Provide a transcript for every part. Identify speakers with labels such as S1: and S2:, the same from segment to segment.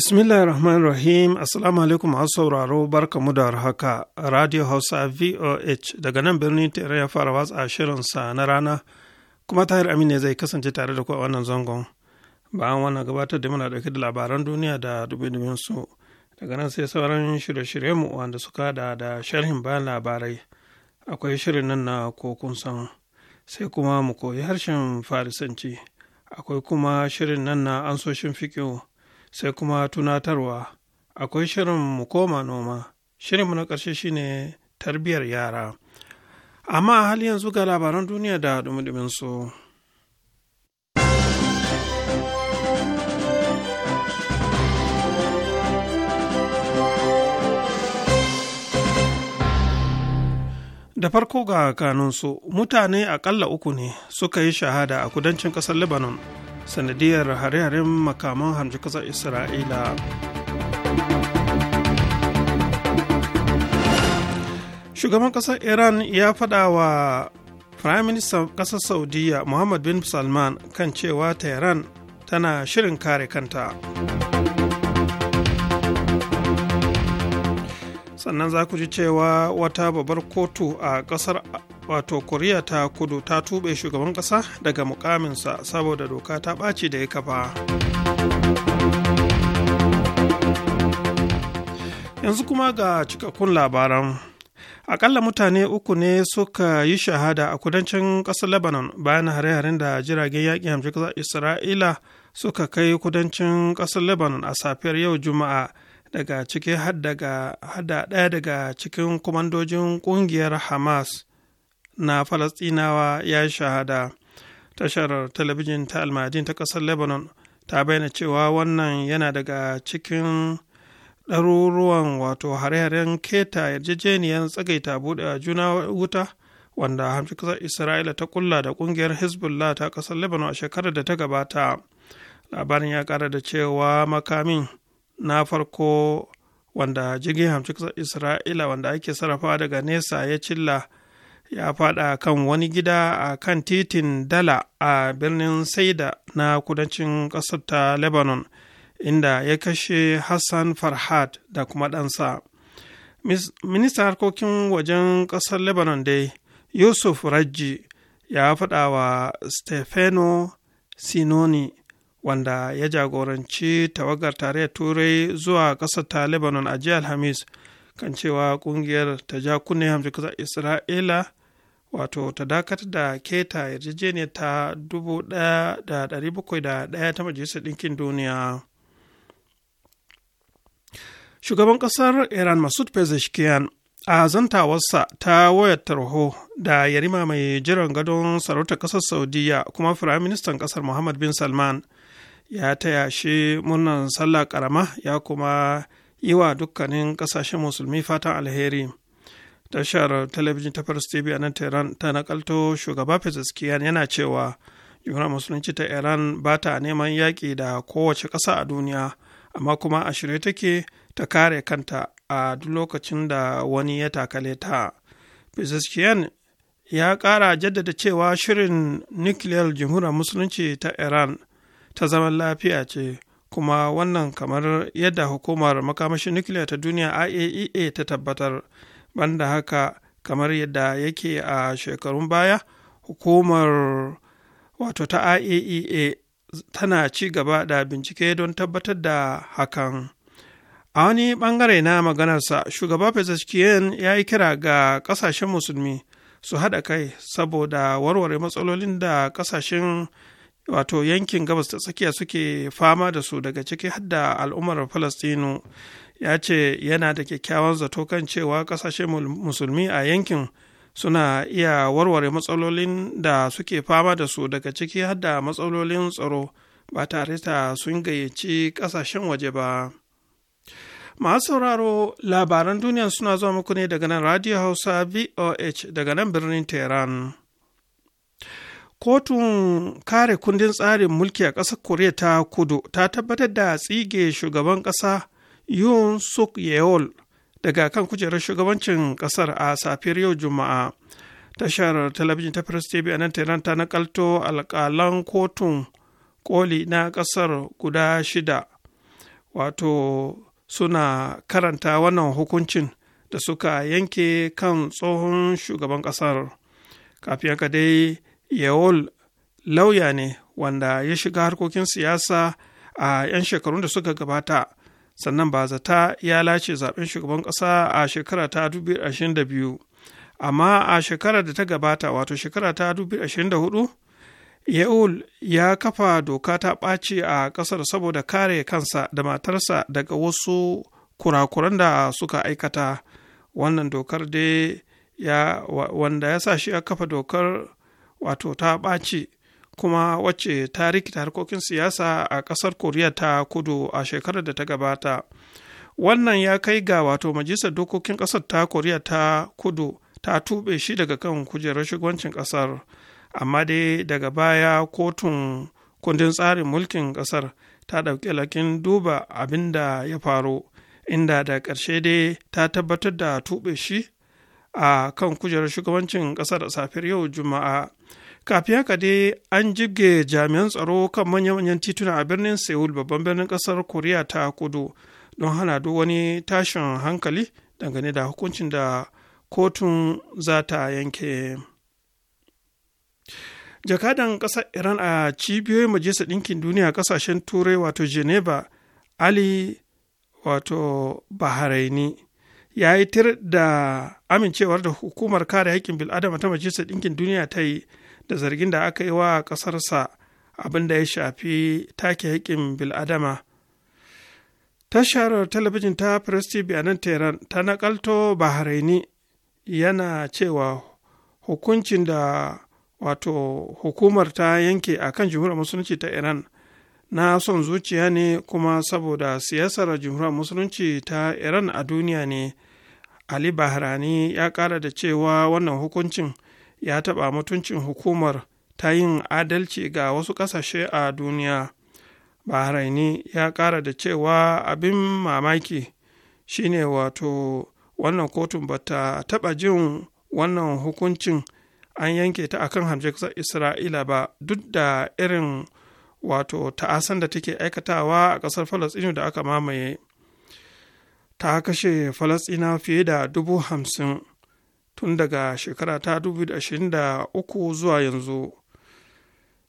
S1: Bismillahirrahmanirrahim. Rahim, Assalamu alaikum masu sauraro mu da haka Radio Hausa VOH daga nan birnin Tere ya fara watsa shirin sa na rana kuma Tahir Aminu zai kasance tare da ku a wannan zangon. Bayan wannan gabatar da muna dauke da labaran duniya da dubu-dubin su daga nan sai sauran shirye-shirye mu wanda suka da da sharhin bayan labarai. Akwai shirin nan na kokun san sai kuma mu koyi harshen Farisanci. Akwai kuma shirin nan na ansoshin fikiyo sai kuma tunatarwa akwai shirin mu koma noma shirin mu na ƙarshe shine tarbiyar yara amma hali yanzu ga labaran duniya da dumudumin su da farko ga kanunsu mutane akalla uku ne suka yi shahada a kudancin ƙasar lebanon sanadiyar hare-haren makaman hamji kasar isra'ila shugaban kasar iran ya faɗa wa prime minister kasar saudiya muhammad bin salman kan cewa tehran tana shirin kare kanta. sannan za ku ji cewa wata babbar kotu a kasar wato koriya ta kudu ta tube shugaban kasa daga mukaminsa saboda doka ta ɓaci da ya kafa yanzu kuma ga cikakkun labaran akalla mutane uku ne suka yi shahada a kudancin ƙasar lebanon bayan hare-haren da jiragen yaƙi hamshin isra'ila suka kai kudancin ƙasar lebanon a safiyar yau juma'a daga cikin hada ɗaya daga cikin kwamandojin ƙungiyar hamas na falastinawa ya shahada tashar talabijin ta almadin ta ƙasar lebanon ta bayyana cewa wannan yana daga cikin ɗaruruwan wato hare-haren keta yarjejeniyar tsagaita buɗe juna wuta wanda hamshi ƙasar isra'ila ta kulla da ƙungiyar hezbollah ta ƙasar lebanon a shekarar da ta gabata labarin ya ƙara da cewa makamin na farko wanda jirgin hamshin isra'ila wanda ake sarrafa daga nesa ya cilla ya fada kan wani gida a kan titin dala a birnin saida na kudancin ƙasar ta lebanon inda ya kashe hassan farhad da kuma ɗansa ministan harkokin wajen ƙasar lebanon dai yusuf rajji ya faɗa wa stefano sinoni wanda ya jagoranci tawagar tarayyar turai zuwa ƙasar ta lebanon a jiya alhamis kan cewa ƙungiyar ta ja kunne hamsin ƙasar isra'ila wato ta dakatar da keta yarjejeniyar ta 1,701 ta majalisar ɗinkin duniya shugaban ƙasar iran masud pezeshkian a zantawarsa ta wayar tarho da yarima mai jiran gadon sarautar ƙasar saudiya kuma firayim ministan ƙasar muhammad bin salman ya taya shi murnan sallah karama ya kuma yi wa dukkanin kasashen musulmi fatan alheri tashar talabijin ta first tv a nan tehran ta nakalto shugaba pezeskiyan yana cewa jumhuriyar musulunci ta iran ba ta neman yaƙi da kowace ƙasa a duniya amma kuma a shirye take ta kare kanta a duk lokacin da wani ya takale ta pezeskiyan ya ƙara jaddada cewa shirin nukiliyar jamhuriyar musulunci ta iran ta zaman lafiya ce kuma wannan kamar yadda hukumar makamashin nukiliya ta duniya iaea e ta tabbatar banda haka kamar yadda yake a shekarun baya hukumar wato ta iaea e tana ci gaba da bincike don tabbatar da hakan a wani bangare na maganarsa shugaba pezeshkian ya yi kira ga kasashen musulmi su hada kai saboda warware matsalolin da kasashen wato yankin gabas ta tsakiya suke fama da su daga ciki hadda al'ummar falastinu ya ce yana da kyakkyawan zato kan cewa ƙasashen musulmi a yankin suna iya warware matsalolin da suke fama da su daga ciki hadda matsalolin tsaro ba tare ta sun gayyaci ƙasashen waje ba masu sauraro labaran duniya suna zuwa muku ne daga nan radio hausa voh daga nan birnin tehran kotun kare kundin tsarin mulki a ƙasar koriya ta kudu ta tabbatar da tsige shugaban ƙasa yun suk yeol daga kan kujerar shugabancin ƙasar a safiyar yau juma'a tashar talabijin ta press tv a nan tehran ta nakalto alƙalan kotun koli na ƙasar guda shida wato suna karanta wannan hukuncin da suka yanke kan tsohon shugaban ƙasar kafin ka dai yawol lauya ne wanda ya shiga harkokin siyasa a 'yan shekarun da suka gabata sannan ba zata ya lace zaben shugaban kasa a shekara ta 2022 amma a shekara da ta gabata wato shekara ta 2024 yaul ya kafa doka ta ɓaci a ƙasar saboda kare kansa da matarsa daga wasu kurakuran da suka aikata wannan dokar dai wanda ya sa shi ya kafa dokar wato ta ɓaci kuma wacce ta rikita harkokin siyasa a ƙasar koriya ta kudu a shekarar da ta gabata wannan ya kai ga wato majalisar dokokin ƙasar ta koriya ta kudu ta tuɓe shi daga kan kujerar shugabancin ƙasar amma dai daga baya kotun kundin tsarin mulkin ƙasar ta ɗauki lakin duba abin da ya faru inda da ƙarshe dai ta tabbatar da tuɓe shi a kan kujerar shugabancin ƙasa da safiyar yau juma'a kafin haka dai an jibge jami'an tsaro kan manya-manyan tituna a birnin seoul babban birnin ƙasar koriya ta kudu don hana duk wani tashin hankali dangane da hukuncin da kotun za ta yanke jakadan ƙasar iran a cibiyoyin majalisar ɗinkin duniya ƙasashen turai wato geneva ali wato bahraini ya yi tir da amincewar da hukumar kare haƙƙin bil'adama ta majalisar ɗinkin duniya ta yi da zargin da aka yi wa ƙasarsa abin da ya shafi take haƙƙin bil'adama tashar talabijin ta press tv a nan tehran ta nakalto bahraini yana cewa hukuncin da wato hukumar ta yanke a kan musulunci ta iran na son zuciya ne kuma saboda siyasar jumhuriyar musulunci ta iran a duniya ne ali bahrani ya kara da cewa wannan hukuncin ya taɓa mutuncin hukumar ta yin adalci ga wasu ƙasashe a duniya bahraini ya kara da cewa abin mamaki shine wato wannan kotun ba ta taɓa jin wannan hukuncin an yanke ta akan hamshe isra'ila ba duk da irin wato ta'asan da take aikatawa a ƙasar falasɗinu da aka mamaye ta kashe falasɗina fiye da dubu hamsin tun daga shekara ta dubu ashirin da uku zuwa yanzu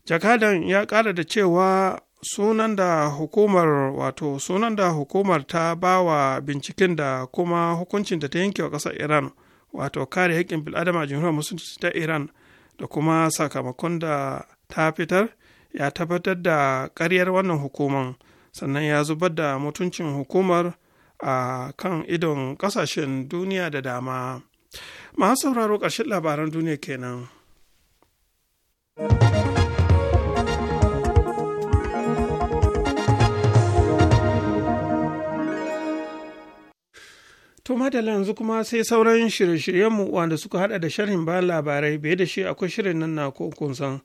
S1: jakadan ya ƙara da cewa sunan da hukumar wato sunan da hukumar ta ba wa binciken da kuma hukuncin da ta yanke wa ƙasar iran wato kare haƙƙin bil'adama a jamhuriyar musulunci ta iran da kuma sakamakon da ta fitar ya tabbatar da ƙaryar wannan hukuman, sannan ya zubar da mutuncin hukumar a kan idon ƙasashen duniya da dama masu sauraro ƙarshen labaran duniya kenan. To madalla yanzu kuma sai sauran shirye-shiryenmu wanda suka hada da sharhin ba labarai bai da shi akwai shirin nan na kun san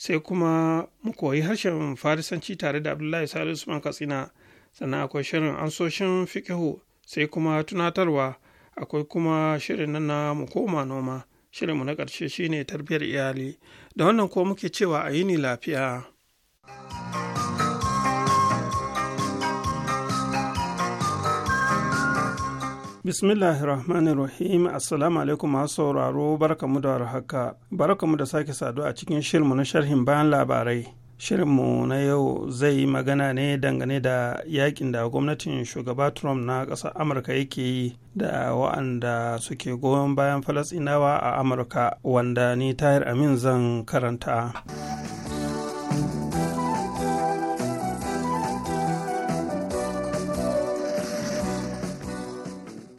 S1: sai kuma mu koyi harshen farisanci tare da abdullahi salisu usman katsina sannan akwai shirin ansoshin fikihu sai kuma tunatarwa akwai kuma shirin nan na mu koma noma shirin mu na ƙarshe shine tarbiyyar iyali da wannan ko muke cewa a yini lafiya rahim Assalamu alaikum masu sauraro barkamu da warhaka barkamu da sake saduwa a cikin shirinmu na sharhin bayan labarai. Shirinmu na yau zai yi magana ne dangane da yakin da gwamnatin shugaba Trump na ƙasar Amurka yake yi da wa'anda suke goyon bayan falasinawa a Amurka wanda ni Tahir Amin zan karanta.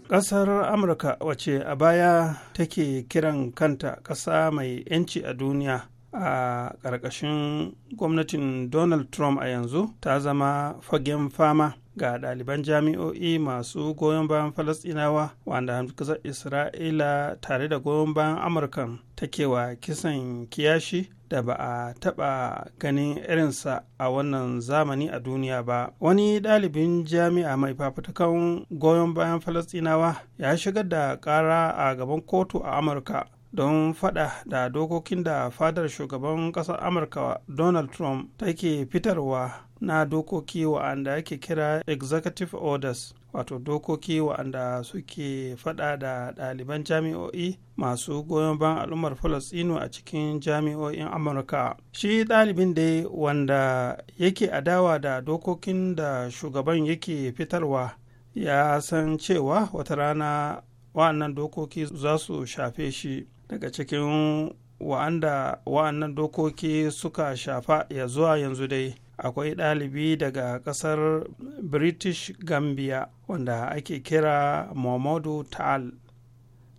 S1: ƙasar amurka wace a baya take kiran kanta ƙasa mai 'yanci a duniya a ƙarƙashin gwamnatin donald trump a yanzu ta zama fagen fama ga ɗaliban jami'o'i masu goyon bayan falasɗinawa wanda ƙasar isra'ila tare da goyon bayan amurkan take wa kisan kiyashi da ba a taɓa ganin irinsa a wannan zamani a duniya ba wani ɗalibin jami'a mai fafutukan goyon bayan falastinawa ya shigar da ƙara a gaban kotu a amurka don fada da dokokin da fadar shugaban ƙasar amurka donald trump take fitarwa na dokoki wa'anda ake kira executive orders wato dokoki wa'anda suke fada da ɗaliban jami'o'i masu goyon ban al'ummar falastinu a cikin jami'o'in amurka shi ɗalibin dai wanda yake adawa da dokokin da shugaban yake fitarwa ya san cewa wata rana wa'annan dokoki za su shafe shi daga cikin wa'anda wa'annan dokoki suka shafa ya zuwa yanzu dai akwai ɗalibi daga ƙasar british gambia wanda ake kira muhammadu ta'al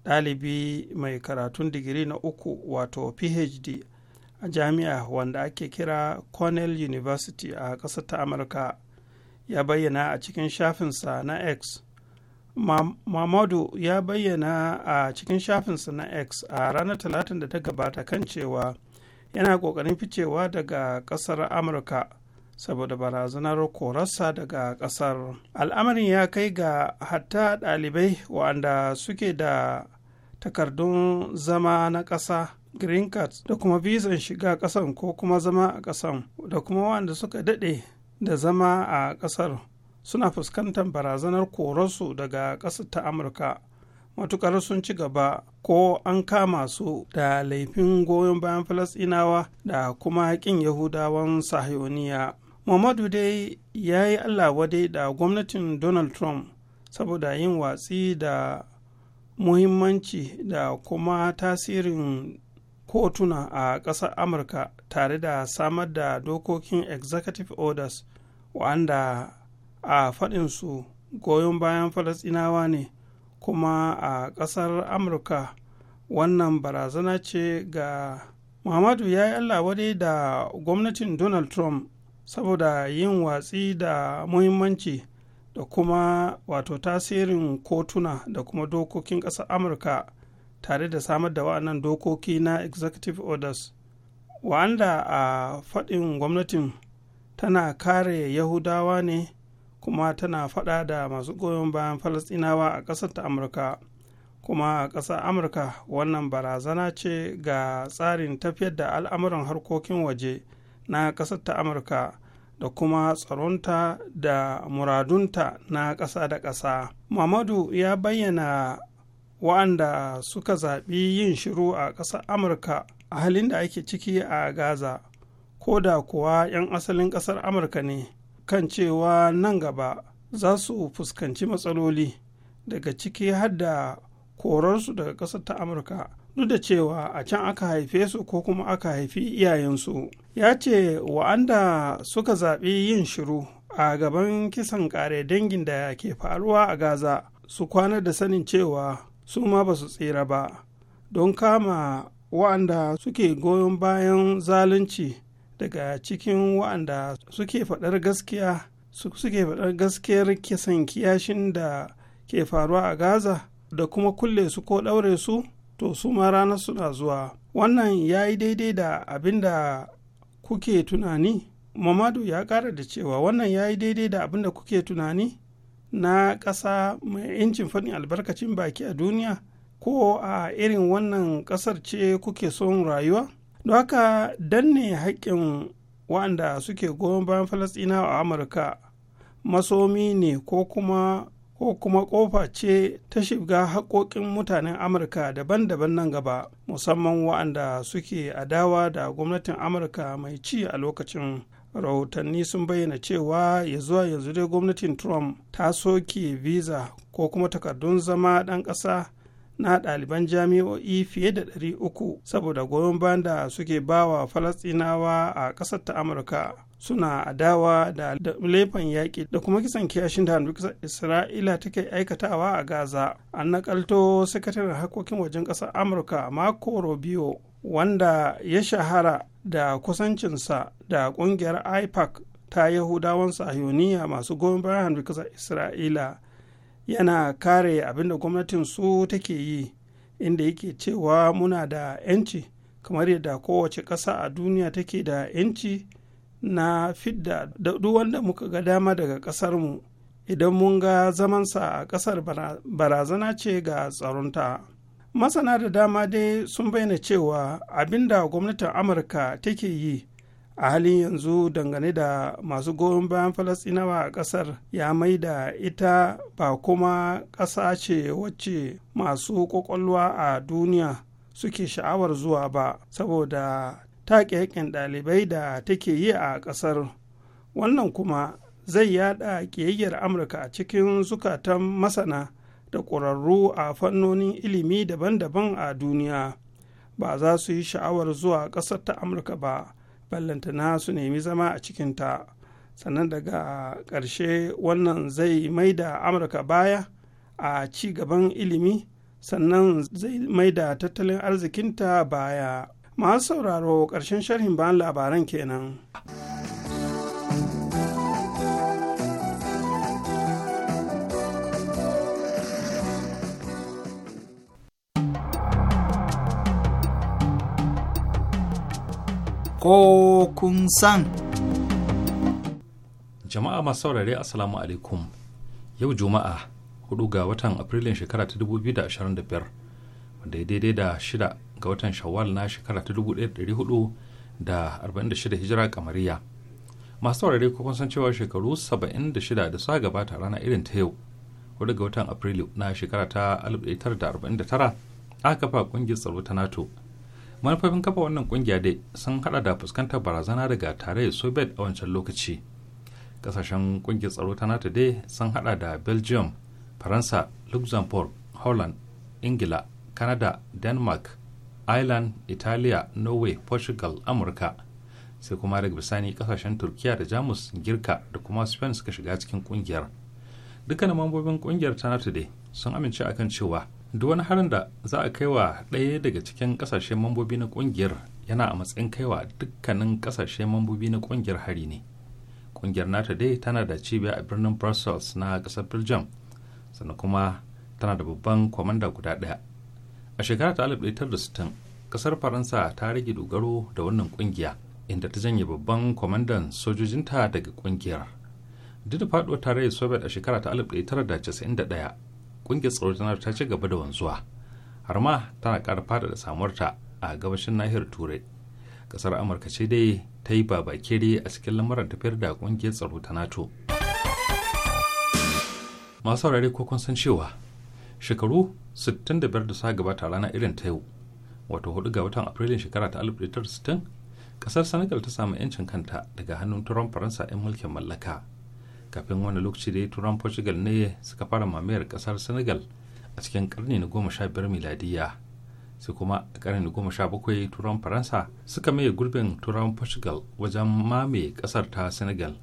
S1: ɗalibi mai karatun digiri na uku wato phd a jami'a wanda ake kira cornell university a ƙasar ta amurka ya bayyana a cikin shafinsa na x mamadu ya bayyana a cikin shafinsa na x a ranar talatin da ta gabata kan cewa yana ƙoƙarin ficewa daga ƙasar amurka saboda barazanar korarsa daga ƙasar al'amarin ya kai ga hatta ɗalibai wa'anda suke da takardun zama na ƙasa green card da kuma bizan shiga ƙasan ko kuma zama a ƙasan da kuma wanda suka daɗe da zama a ƙasar suna fuskantar barazanar korarsu daga ƙasar ta amurka matukar sun ci gaba ko an kama su da laifin goyon bayan falasɗinawa da kuma ƙin yahudawan sahiyoniya muhammadu dai ya yi allah wadai da gwamnatin donald trump saboda yin watsi da muhimmanci da kuma tasirin kotuna a ƙasar amurka tare da samar da dokokin executive orders wanda a faɗinsu goyon bayan falasɗinawa ne kuma a ƙasar amurka wannan barazana ce ga muhammadu ya yi allah wadai da gwamnatin donald trump saboda yin watsi da muhimmanci da kuma wato tasirin kotuna da kuma dokokin ƙasar amurka tare da samar da wa'annan dokoki na executive orders wanda a faɗin gwamnatin tana kare yahudawa ne kuma tana faɗa da masu goyon bayan falasɗinawa a ƙasar ta amurka kuma a ƙasar amurka wannan barazana ce ga tsarin tafiyar da al'amuran harkokin waje na ƙasar ta amurka da kuma tsaronta da muradunta na ƙasa da ƙasa. Muhammadu ya bayyana wa'anda suka zaɓi yin shiru a ƙasar Amurka a halin da ake ciki a Gaza, ko da kuwa 'yan asalin ƙasar Amurka ne kan cewa nan gaba za su fuskanci matsaloli daga ciki har da korarsu daga ƙasar ta Amurka, duk da cewa a can aka haife su ko kuma aka haifi iyayensu. ya ce wa'anda suka zaɓi yin shiru a gaban kisan ƙare dangin da ke faruwa a gaza su kwana da sanin cewa su ma ba su tsira ba don kama wa'anda suke goyon bayan zalunci daga cikin wa'anda suke faɗar gaskiya suke faɗar gaskiyar kisan kiyashin da ke faruwa a gaza da kuma kulle su ko ɗaure su to su ma ranar suna zuwa wannan ya yi daidai da abin da kuke tunani mamadu ya ƙara da cewa wannan ya yi daidai da abin da kuke tunani na ƙasa mai incin faɗin albarkacin baki a duniya ko a irin wannan ƙasar ce kuke son rayuwa don haka danne haƙƙin waɗanda suke goyon bayan falasɗinawa a amurka masomi ne ko kuma ko kuma ƙofa ce ta shiga haƙoƙin mutanen amurka daban-daban nan gaba musamman wa'anda suke adawa da gwamnatin amurka mai ci a lokacin rahotanni sun bayyana cewa ya zuwa yanzu dai gwamnatin trump ta soke visa ko kuma takardun zama ɗan ƙasa na ɗaliban jami'o'i fiye da 300 saboda goyon bayan da suke bawa falasɗinawa a ƙasar ta amurka suna adawa da lefan yaƙi da kuma kisan kiyashin da hamdukasar isra'ila take aikatawa a gaza an nakalto sakataren harkokin wajen ƙasar amurka marco rubio wanda ya shahara da kusancinsa da ƙungiyar ipac ta yahudawan sahiyoniya masu goyon bayan hamdukasar isra'ila yana kare abin da gwamnatin su take yi inda yake cewa muna da 'yanci kamar yadda kowace ƙasa a duniya take da 'yanci na fidda da duk wanda muka ga dama daga ƙasarmu idan mun ga zamansa a ƙasar barazana ce ga tsaronta. Masana da dama dai sun bayyana cewa abinda gwamnatin Amurka take yi a halin yanzu dangane da masu goyon bayan falasinawa a ƙasar ya mai da ita ba kuma ƙasa ce wacce masu ƙwaƙwalwa a duniya suke sha'awar zuwa ba saboda ta haƙƙin ɗalibai da take yi a ƙasar wannan kuma zai yaɗa ƙiyayyar amurka a cikin zukatan masana da ƙwararru a fannonin ilimi daban-daban a duniya ba za su yi sha'awar zuwa ƙasar ta amurka ba ballantana su nemi zama a cikinta sannan daga ƙarshe wannan zai mai da amurka baya a ci gaban ilimi sannan zai mai da tattalin arzikinta baya masu sauraro ƙarshen sharhin bayan labaran kenan.
S2: Ko kun san.
S3: Jama'a masu saurare Assalamu alaikum. Yau Juma'a, huɗu ga watan Afrilun shekara ta 2025, wanda ya daidai da shida ga watan shawwal na shekara ta 1446 hijira kamariya masu saurare ko kun san cewa shekaru 76 da sa gabata rana irin ta yau wadda ga watan afrilu na shekara ta da tara aka kafa kungiyar tsaro ta nato manufofin kafa wannan kungiya dai sun hada da fuskantar barazana daga tarayyar soviet a wancan lokaci kasashen kungiyar tsaro ta nato dai sun hada da belgium faransa luxembourg holland ingila canada denmark ireland italiya norway portugal amurka sai kuma daga bisani kasashen turkiya da jamus girka da kuma spain suka shiga cikin kungiyar dukkanin mambobin kungiyar ta nato dai sun amince akan cewa duk wani harin da za a kai wa ɗaya daga cikin kasashen mambobi na kungiyar yana a matsayin kai wa dukkanin kasashen mambobi na kungiyar hari ne kungiyar nato dai tana da cibiya a birnin brussels na kasar belgium sannan kuma tana da babban kwamanda guda ɗaya a shekara ta 1960 kasar faransa ta rage dogaro da wannan kungiya inda ta janye babban kwamandan sojojinta daga kungiyar duk da faduwar tarayyar soviet a shekara ta 1991 kungiyar tsaro ta ci gaba da wanzuwa har ma tana ƙara da samuwarta a gabashin nahiyar turai kasar amurka ce dai ta yi babakere a cikin lamuran tafiyar da ƙungiyar tsaro ta nato masu saurare ko kun san cewa shekaru 65 da suka gabata rana irin ta yau wato 4 ga watan afrilun shekara ta 1960 kasar senegal ta samu 'yancin kanta daga hannun turan faransa 'yan mulkin mallaka kafin wani lokaci da turan portugal ne suka fara mamayar kasar senegal a cikin karni na 15 miladiya sai kuma a karni na 17 turan faransa suka maye gurbin turan portugal wajen mamaye kasar ta senegal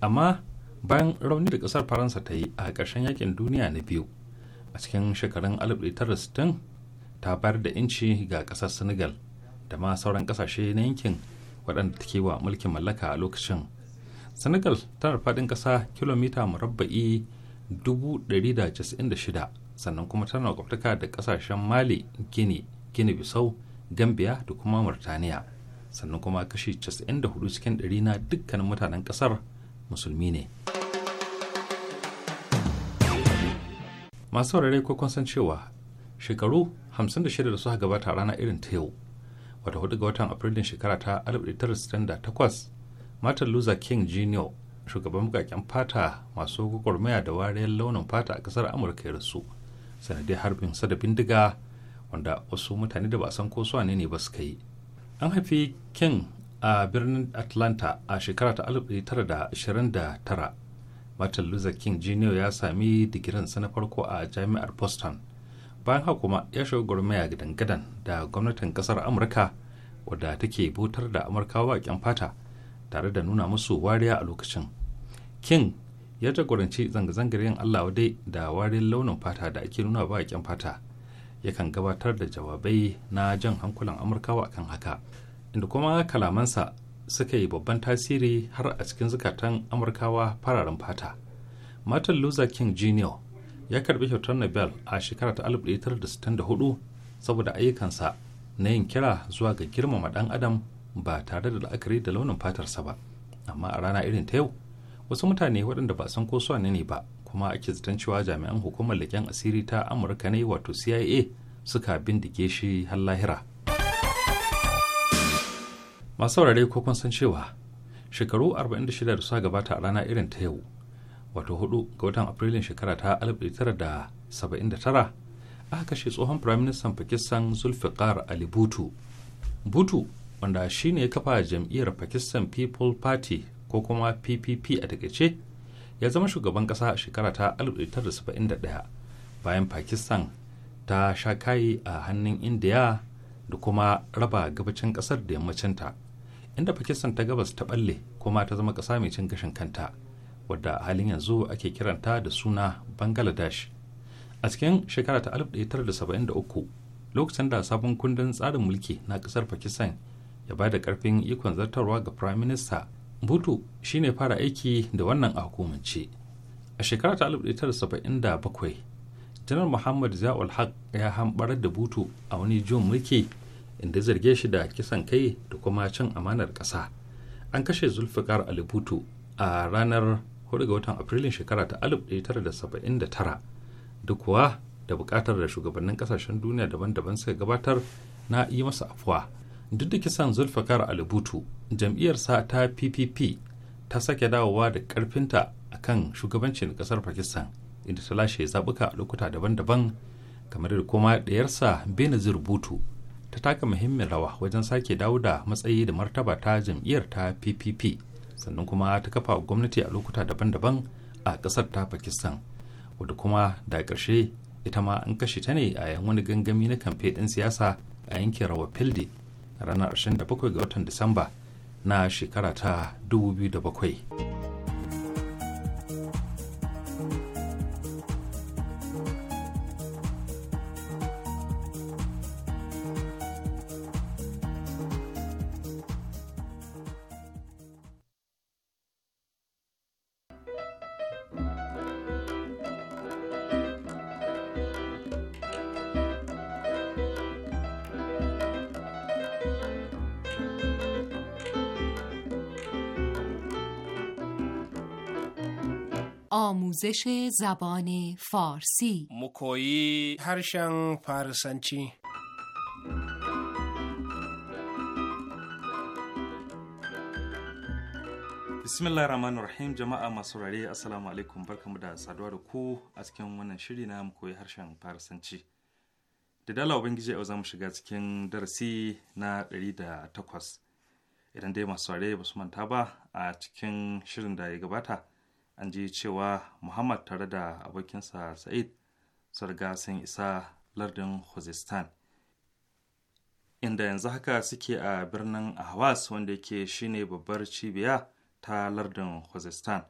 S3: amma bayan rauni da kasar faransa ta yi a ƙarshen yakin duniya na biyu a cikin shekarun 1960 ta bayar da inci ga kasar senegal da ma sauran kasashe na yankin waɗanda take wa mulkin mallaka a lokacin senegal tana faɗin ƙasa kilomita murabba'i 196 sannan kuma tana kwaftaka da ƙasashen mali gini gini bisau gambia da kuma murtaniya sannan kuma kashi 94 cikin 100 na dukkanin mutanen ƙasar musulmi ne. masu saurare ko kun san cewa shekaru 56 da suka gabata rana irin ta yau wata hudu ga watan afrilun shekara ta 1968 martin luther king jr shugaban bukakken fata masu gwagwarmaya da wariyar launin fata a kasar amurka ya rasu sanadiyar harbin sada bindiga wanda wasu mutane da ba san ko suwa ne ba suka yi an haifi king a birnin atlanta a shekara ta 1929 martin luther king jr ya sami digirinsa na farko a jami'ar boston bayan haka kuma ya shiga gwarmaya gidan-gidan da gwamnatin kasar amurka wadda take butar da amurkawa bakin fata tare da nuna musu wariya a lokacin king ya jagoranci zanga-zangar yin allah dai da wariyar launin fata da ake nuna bakin fata yakan gabatar da jawabai na jan hankulan amurkawa kan haka inda kuma kalamansa suka yi babban tasiri har a cikin zukatan amurkawa fararen fata martin luther king jr ya karbi kyautar nobel a shekara ta 1964 saboda ayyukansa na yin kira zuwa ga girmama dan adam ba tare da la'akari da launin fatarsa ba amma a rana irin ta yau wasu mutane waɗanda ba san ko suwa ne ba kuma ake zaton cewa jami'an hukumar leƙen asiri ta amurka ne wato cia suka bindige shi har lahira masu saurare ko kun san cewa shekaru 46 da suka gabata a rana irin ta yau wato hudu ga watan afrilun shekara ta 1979 aka kashe tsohon firaministan pakistan zulfikar ali butu butu wanda shine ya kafa jam'iyyar pakistan people party ko kuma ppp a takaice ya zama shugaban kasa a shekara ta 1971 bayan pakistan ta sha kayi a hannun indiya da kuma raba gabacin kasar da yammacinta inda pakistan ta gabas ta balle kuma ta zama ƙasa mai cin gashin kanta wadda a halin yanzu ake kiranta da suna bangladesh a cikin shekara ta 1973 lokacin da sabon kundin tsarin mulki na ƙasar pakistan ya ba da ƙarfin ikon zartarwa ga prime minister butu shine fara aiki da wannan a hukumance a shekara ta 1977 janar muhammad za'ul haq ya hambarar da butu a wani jin mulki inda zarge shi da kisan kai da kuma cin amanar ƙasa an kashe zulfikar alibutu a ranar 4 ga watan afrilun shekara ta 1979 duk kuwa da bukatar da shugabannin kasashen duniya daban-daban suka gabatar na yi masa afuwa duk da kisan zulfikar alibutu jam'iyyarsa ta ppp ta sake dawowa da karfinta a kan shugabancin kasar pakistan inda ta lashe zabuka a lokuta daban-daban kamar da kuma ɗayarsa benazir butu ta taka muhimmin rawa wajen sake dawo da matsayi da martaba ta jam'iyyar ta ppp sannan kuma ta kafa gwamnati a lokuta daban-daban a ƙasar ta pakistan wadda kuma da ƙarshe ita ma an kashe ta ne a yan wani gangami na kamfe ɗin siyasa a yankin fildi ranar 27 ga watan disamba na shekara ta 2007
S4: آموزش زبان فارسی
S3: مکویی
S5: هرشن فارسنچی
S3: bismillah rahman rahim jama'a masu rare assalamu alaikum barkamu da saduwa da ku a cikin wannan shiri na mu koyi harshen farisanci da dala ubangiji yau za mu shiga cikin darasi na ɗari da 108 idan dai masu rare ba su manta ba a cikin shirin da ya gabata an ji cewa muhammad tare da abokinsa sa'id sarga sun isa lardin khuzestan inda yanzu haka suke a birnin ahwas wanda yake shine babbar cibiya ta lardin khuzestan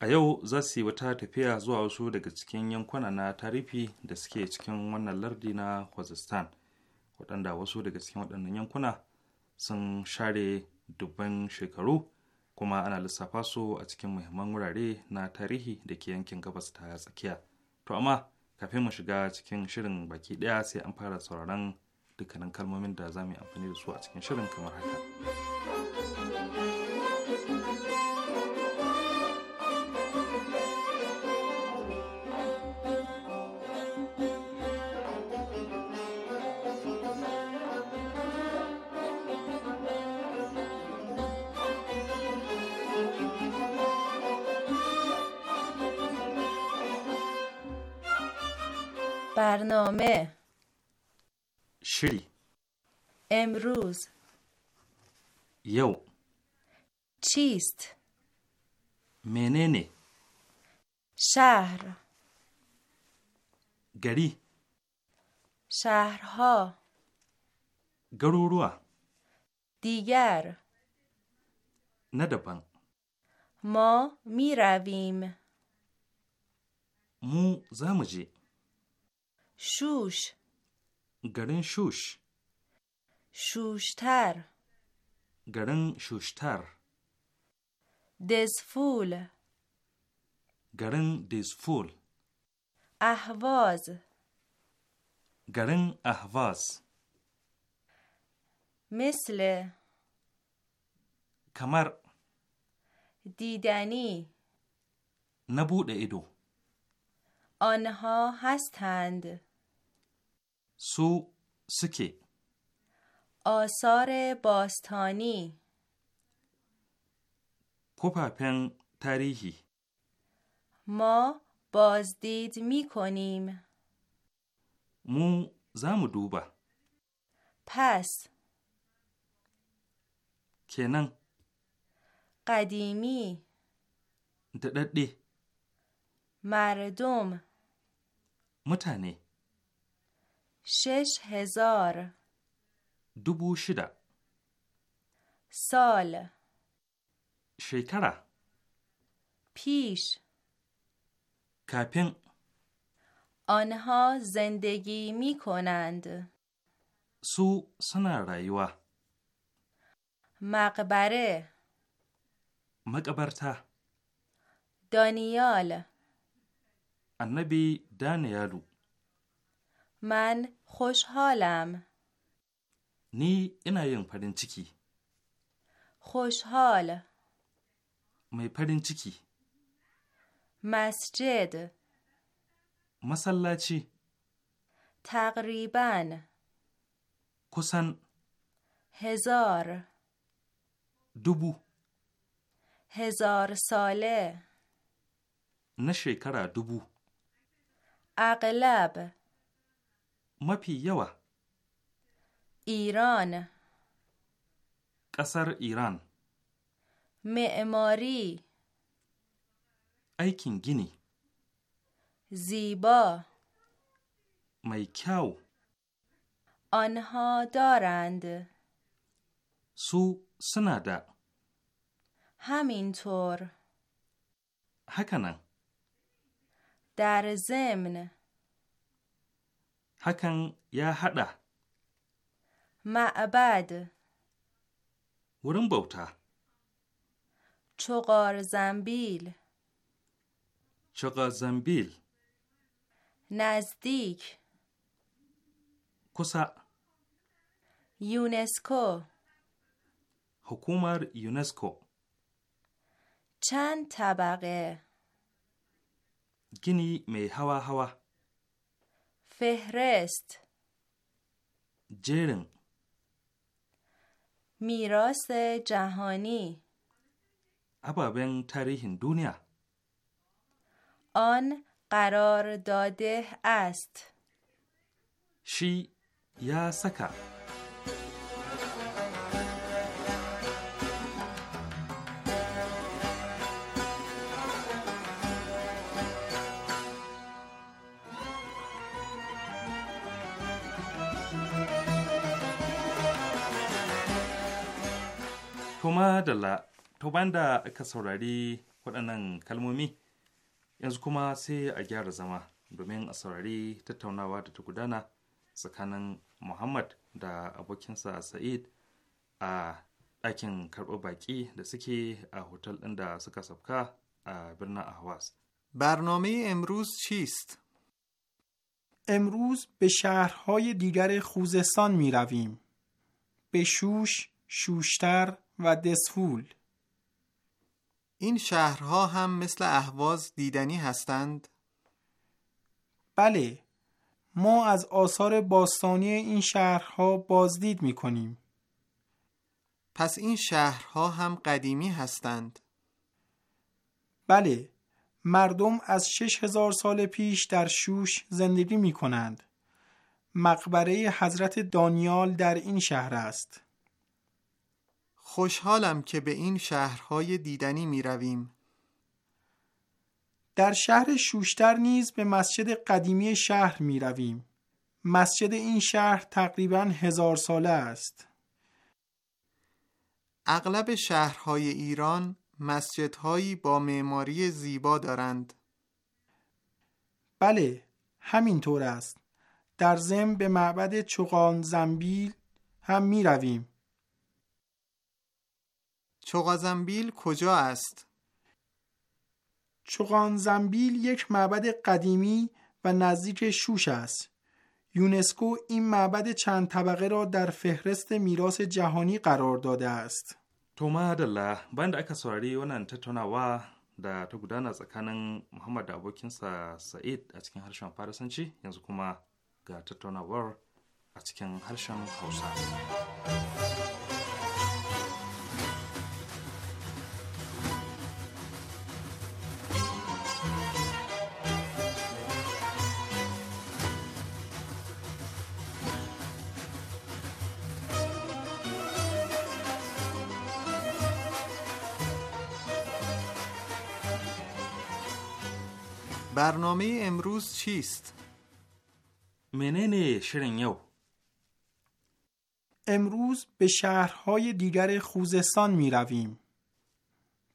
S3: a yau za su yi wata tafiya zuwa wasu daga cikin yankuna na tarifi da suke cikin wannan lardi na khuzestan waɗanda wasu daga cikin waɗannan yankuna sun share dubban shekaru kuma ana lissafa su a cikin muhimman wurare na tarihi da ke yankin gabas ta tsakiya to amma kafin mu shiga cikin shirin baki ɗaya sai an fara sauraron dukkanin kalmomin da za mu yi amfani da su a cikin shirin kamar
S6: haka.
S4: برنامه شری امروز یو چیست
S3: مننه
S4: شهر گری شهرها گروروا دیگر ندبن ما می رویم
S3: مو زمجی
S4: شوش
S3: گرن شوش
S4: شوشتر
S3: گرن شوشتر
S4: دزفول
S3: گرن دزفول
S4: احواز
S3: گرن احواز
S4: مثل کمر دیدنی
S3: نبود ایدو
S4: آنها هستند
S3: سو سکی
S4: آثار باستانی
S3: کپاپن تاریخی
S4: ما بازدید می کنیم
S3: مو زم دوبه
S4: پس کنن قدیمی دردی مردم متنی شش هزار
S3: دوبو شده
S4: سال
S3: شیکره
S4: پیش کپین آنها زندگی می کنند
S3: سو سنا
S4: مقبره
S3: مقبرتا
S4: دانیال
S3: النبی دانیالو
S4: من خوشحالم
S3: نی اینا ین فرین چیکی
S4: خوشحال
S3: می فرین چیکی
S4: مسجد
S3: مسلاچی
S4: تقریبا کسن هزار دوبو هزار ساله
S3: نه شکره دوبو
S4: اغلب
S3: مپی یوا
S4: ایران
S3: قصر ایران
S4: معماری
S3: ایکین گینی
S4: زیبا
S3: میکاو
S4: آنها دارند
S3: سو سنادا
S4: همینطور هکنن در ضمن
S3: hakan ya haɗa
S4: ma'abad
S3: wurin bauta
S4: cogar zambil cogar kusa unesco
S3: hukumar unesco
S4: چند طبقه
S3: گینی می hawa هوا
S4: فهرست جرن میراث جهانی
S3: ابابن تاریخ دنیا
S4: آن قرار داده است
S3: شی یا سکه kuma la to da aka saurari waɗannan kalmomi yanzu kuma sai a gyara zama domin a saurari tattaunawa da ta gudana tsakanin muhammad da abokinsa sa'id a ɗakin karɓar baƙi da suke a hotel ɗin da
S7: suka sabka a birnin ahwas برنامه امروز چیست؟ امروز به شهرهای دیگر خوزستان می رویم. به شوش، شوشتر، و دسفول این شهرها هم مثل اهواز دیدنی هستند؟ بله ما از آثار باستانی این شهرها بازدید می کنیم. پس این شهرها هم قدیمی هستند؟ بله مردم از شش هزار سال پیش در شوش زندگی می کنند. مقبره حضرت دانیال در این شهر است. خوشحالم که به این شهرهای دیدنی می رویم. در شهر شوشتر نیز به مسجد قدیمی شهر می رویم. مسجد این شهر تقریبا هزار ساله است. اغلب شهرهای ایران مسجدهایی با معماری زیبا دارند. بله، همینطور است. در زم به معبد چوغان زنبیل هم می رویم. چوغازنبیل کجا است؟ چوغازنبیل یک معبد قدیمی و نزدیک شوش است. یونسکو این معبد چند طبقه را در فهرست میراث جهانی قرار داده است.
S3: تو مهد الله بند اکا سواری و ننته تو نواه دا تو گودان محمد داوکین سا سعید اتکین حرشان فارسان چی؟ یا گا تو نواه موسیقی
S7: برنامه امروز چیست؟ منن شرن یو امروز به شهرهای دیگر خوزستان می رویم.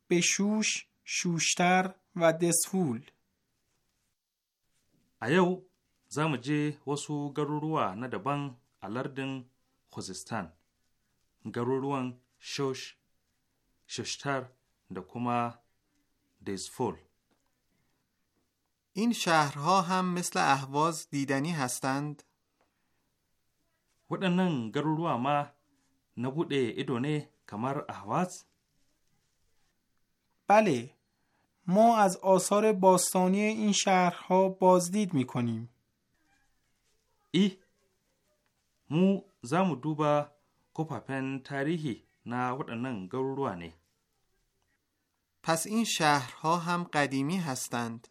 S7: به شوش، شوشتر و دسفول. ایو
S3: زم جه وسو گروروا ندبان الاردن خوزستان. گروروان شوش، شوشتر دکوما دسفول. این شهرها هم مثل اهواز دیدنی هستند؟ waɗannan garuruwa ma na ایدونه کمر اهواز؟
S7: بله ما از آثار باستانی این شهرها بازدید می کنیم. ای مو زامو دوبا
S3: کپاپن تاریخی نا ودنن گروروانه پس این شهرها هم قدیمی هستند.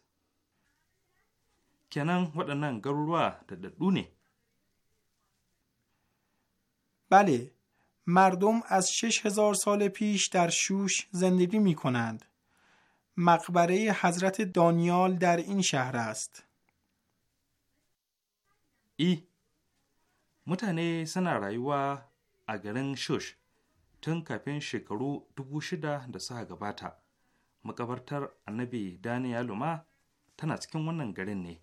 S3: kenan waɗannan garuruwa da ɗaɗɗu ne.
S7: Bale, mardom az 6000 sal pish dar shush zindagi mikonand. Maqbara Hazrat Daniyal dar in shahr ast. I Mutane sana rayuwa a
S3: garin Shush tun kafin shekaru dubu shida da suka gabata. Makabartar Annabi Daniyal ma tana cikin wannan garin ne.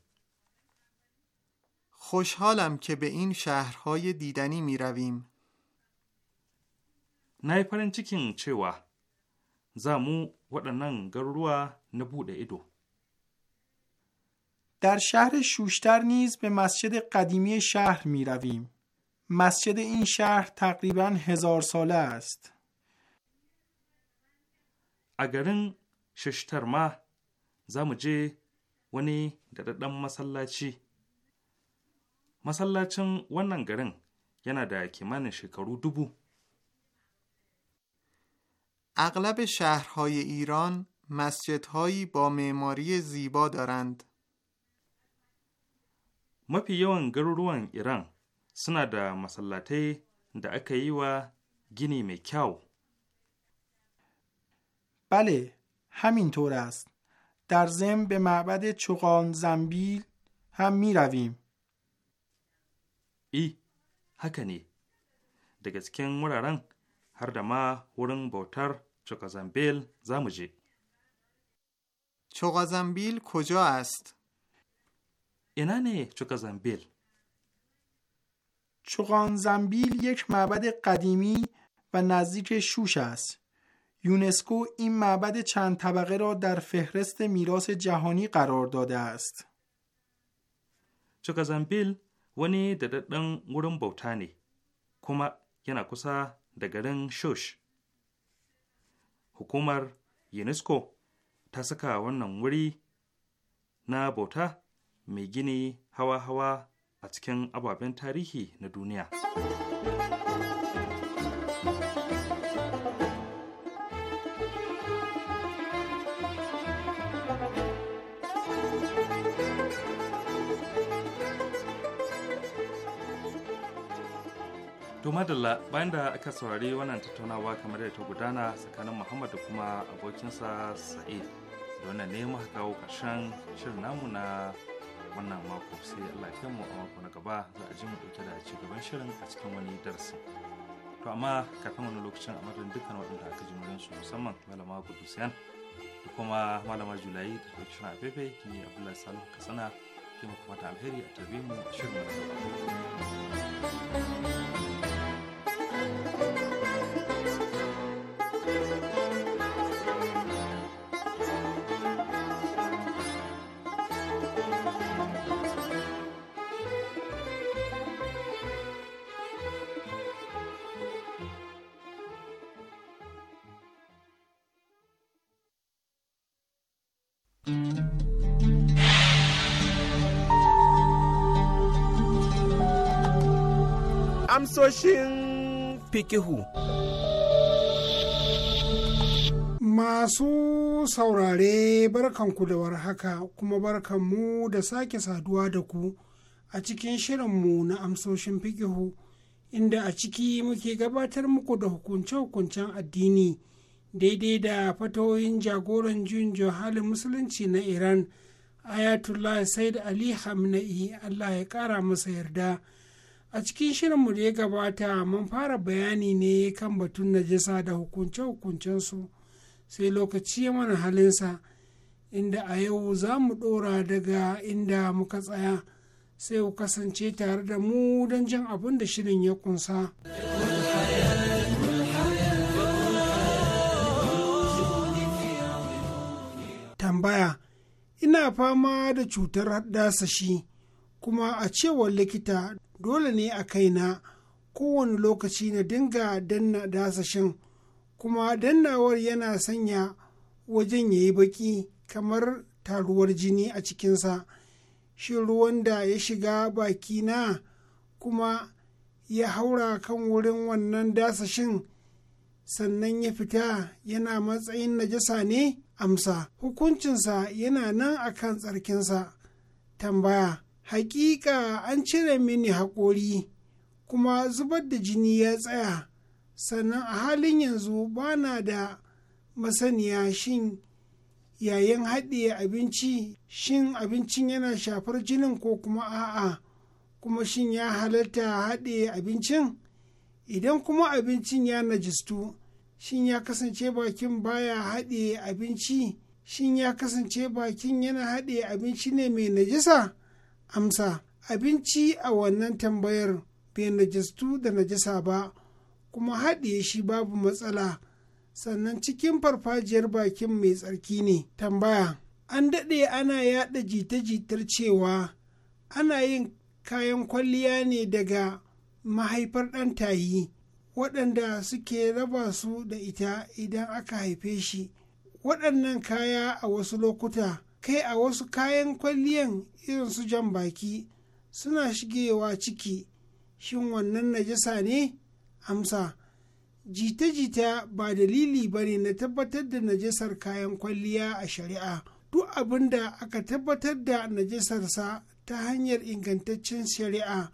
S3: خوشحالم که به این شهرهای دیدنی می رویم. نای پرین چه و زمو ودنن
S7: نبوده ایدو در شهر شوشتر نیز به مسجد قدیمی شهر می رویم. مسجد این شهر تقریبا هزار ساله است.
S3: اگرین ششتر ماه زمجه جه ونی دردن مسلاچی masallacin wannan garin yana da kimanin shekaru dubu.
S7: اغلب شهرهای ایران مسجدهایی با معماری زیبا دارند.
S3: مفی یوان گروروان ایران سنا دا مسلاته دا اکایی
S7: گینی میکاو. بله، همینطور است. در زم به معبد چوغان زنبیل هم می رویم.
S3: ای haka ne daga cikin wuraren har da ma wurin bautar chokazambil za mu je
S7: chokazambil kujo ast? ina ne chokazambil Chokazambil yake mabad قدیمی و نزدیک شوش است. یونسکو این معبد چند طبقه را در فهرست میراث جهانی قرار داده است.
S3: چوغانزنبیل wani daɗaɗɗen wurin bauta ne kuma yana kusa da garin shosh Hukumar UNESCO ta saka wannan wuri na bauta mai gini hawa-hawa a cikin ababen tarihi na duniya. madalla bayan da aka saurari wannan tattaunawa kamar da ta gudana tsakanin muhammad da kuma abokinsa sa'id da wannan ne muka kawo karshen shirin namu na wannan mako sai allah ya mu a mako na gaba za a ji mu dauke da ci gaban shirin a cikin wani darasi to amma kafin wani lokacin a madadin dukkan waɗanda aka ji murin su musamman malama gudusiyan da kuma malama julayi da ta shirin afefe yi abdullahi salihu katsina ke kuma ta alheri
S6: a tarbe mu shirin na gaba
S8: amsoshin fikihu. Masu saurare barkanku da warhaka kuma barkanmu da sake saduwa da ku a cikin shirinmu na amsoshin fikihu inda a ciki muke gabatar muku da hukunce-hukuncen addini daidai da fatoyin jagoran jin halin musulunci na Iran Ayatollah Said Ali Hamna'i Allah ya kara masa yarda. a cikin shirinmu da ya gabata mun fara bayani ne kan batun najasa da hukunce-hukuncensu sai lokaci ya mana halinsa inda a yau za mu ɗora daga inda muka tsaya sai ku kasance tare da mu don jin abin da shirin ya kunsa. Tambaya Ina fama da cutar shi kuma a cewar likita dole ne a kaina kowane lokaci na dinga danna dasashin kuma dannawar yana sanya wajen ya yi baki kamar taruwar jini a cikinsa shin ruwan da ya shiga baki na kuma ya haura kan wurin wannan dasashin sannan ya fita yana matsayin najasa ne amsa hukuncinsa yana nan akan tsarkinsa tambaya hakika an cire mini haƙori kuma zubar da jini ya tsaya sannan a halin yanzu ba na da masaniya shin yayin haɗiye abinci shin abincin yana shafar jinin ko kuma a'a kuma shin ya halatta haɗiye abincin idan kuma abincin ya najistu shin ya kasance bakin baya haɗiye abinci shin ya kasance bakin yana haɗiye abinci ne mai najisa amsa abinci a wannan tambayar bai najastu da najasa ba kuma haɗiye shi babu matsala sannan cikin farfajiyar bakin mai tsarki ne tambaya an daɗe ana yaɗa jita-jitar cewa ana yin kayan kwalliya ne daga mahaifar ɗan tayi waɗanda suke raba su da ita idan aka haife shi waɗannan kaya a wasu lokuta kai a wasu kayan kwalliyan irin su jan baki suna shigewa ciki shin wannan najasa ne amsa jita-jita ba dalili ba ne na tabbatar da najasar kayan kwalliya a shari'a duk abin da aka tabbatar da najasarsa ta hanyar ingantaccen shari'a